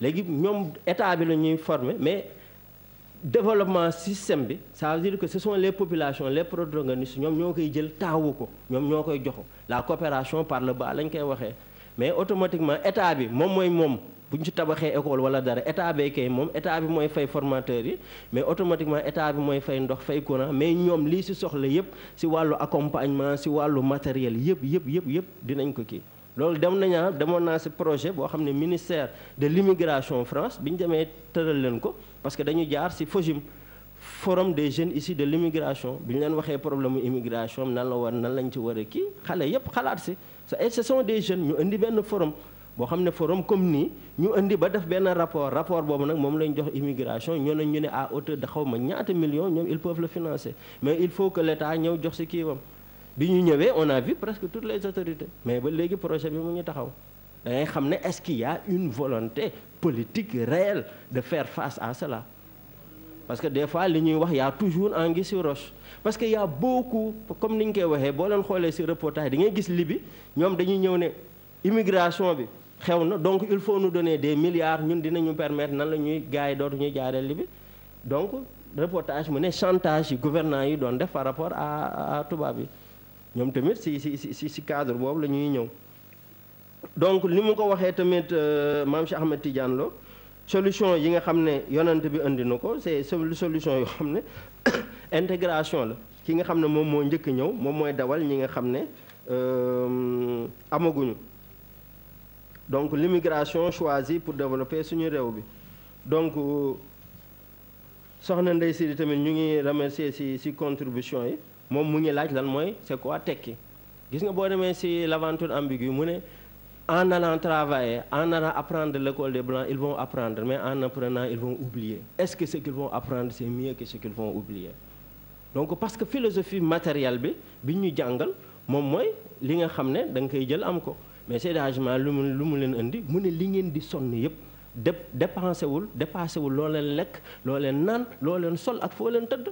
léegi ñoom état bi la ñuy former mais développement système bi ça que ce sont les populations les protagonistes ñoom ñoo koy jël taawu ko ñoom ñoo koy joxo la coopération par le bas lañ koy waxee mais automatiquement état bi moom mooy moom bu ñu ci tabaxee école wala dara état bee kay moom état bi mooy fay formateur yi mais automatiquement état bi mooy fay ndox fay courant mais ñoom lii si soxla yépp si wàllu accompagnement si wàllu matériel yépp yépp yépp yépp dinañ ko kii loolu dem nañaa ah, demoon naa si projet boo xam ne ministère de l'immigration France bi ñu demee tëral leen ko parce que dañu jaar si FOJIM forum des jeunes ici de l'immigration bi ñu leen waxee problème immigration nan la war nan lañ ci war kii xale yépp xalaat si et ce sont des jeunes ñu indi benn forum boo xam ne forum comme nii ñu indi ba def benn rapport rapport boobu nag moom lañ jox immigration ñoo ne ñu ne à hauteur de xaw ma ñaata millions ñoom ils peuvent le financer mais il faut que l'État ñëw jox si kiiwam bi ñu ñëwee on a presque toutes les autorités mais ba léegi projet bi mu ngi taxaw da xam ne est-ce qu'il y a une volonté politique réelle de faire face à cela parce que des fois li ñuy wax yaa a toujours anguille sous roche parce que y boo beaucoup comme ni ñu koy waxee boo leen xoolee si reportage da ngay gis libi ñoom dañuy ñëw ne immigration bi xew na donc il faut nu donner des milliards ñun dinañu permettre nan la ñuy gars yi dootu ñuy jaaree Libye donc reportage mu ne chantage yi gouvernants yi doon def par rapport à tubaab yi ñoom tamit si si si si cadre boobu la ñuy ñëw donc li mu ko waxee tamit euh, maam Cheikh Ahmed Tidiane Lo solution yi nga xam ne yonent bi indi na ko c'est solution yoo xam ne intégration la ki nga xam ne moom moo njëkk ñëw moom mooy dawal ñi nga xam ne euh, amaguñu donc l'immigration choisie pour développer suñu réew bi donc euh, soxna Ndey si tamit ñu ngi remercier ci ci contribution yi moom mu ngi laaj lan mooy c'est quoi tekki gis nga boo demee ci l'aventure ambiguë mu ne en allant travailler en allant apprendre l'école des blancs ils vont apprendre mais en apprenant ils vont oublier est-ce que ce qu'ils vont apprendre c'est mieux que ce qu'ils vont oublier donc parce que philosophie matériale bi bi ñu jàngal moom mooy li nga xam ne da nga koy jël am ko mais Seydi Hadji lu mu lu mu leen indi mu ne li ngeen di sonn yépp dép dépensé wul dépassé wul loo leen lekk loo leen naan loo leen sol ak leen tëdd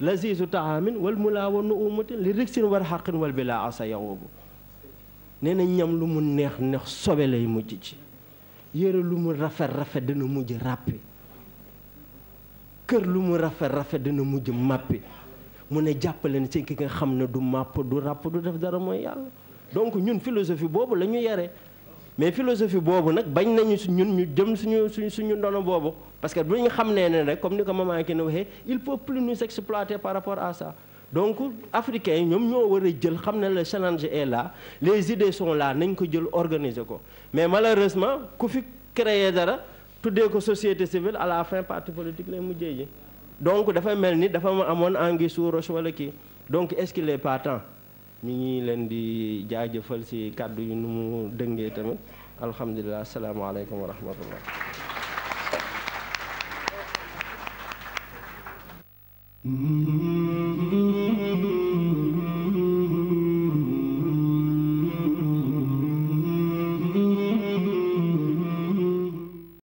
lazizu taamin wal mu mulaa wa nuumatin li riksin war xaqin wal bi laa asa yawoobu nee ñam lu mu neex neex sobe lay mujj ci yére lu mu rafet rafet dina mujj ràppi kër lu mu rafet rafet dina mujj màppi mu ne jàppaleen ci ki nga xam ne du màpp du ràpp du def dara mooy yàlla donc ñun philosophie boobu la ñu yare mais philosophie boobu nag bañ nañu ñun ñu jëm suñu suñ suñu ndono boobu parce que bu ñu xam ne ne rek comme ni ko maman ki ne waxee il peut plus nous exploiter par rapport à ça donc africains yi ñoom ñoo war a jël xam ne le challenge et là les idées sont là nañ ko jël organiser ko mais malheureusement ku fi créer dara tuddee ko société civile à la fin parti politique lay mujjee ji donc dafa mel ni dafa amoon anguille sous roche wala kii donc est-ce temps mi ngi leen di jaajëfal ci kàddu yi nu mu dëngee tamit alhamdulilah asalaamaaleykum wa rahmatullah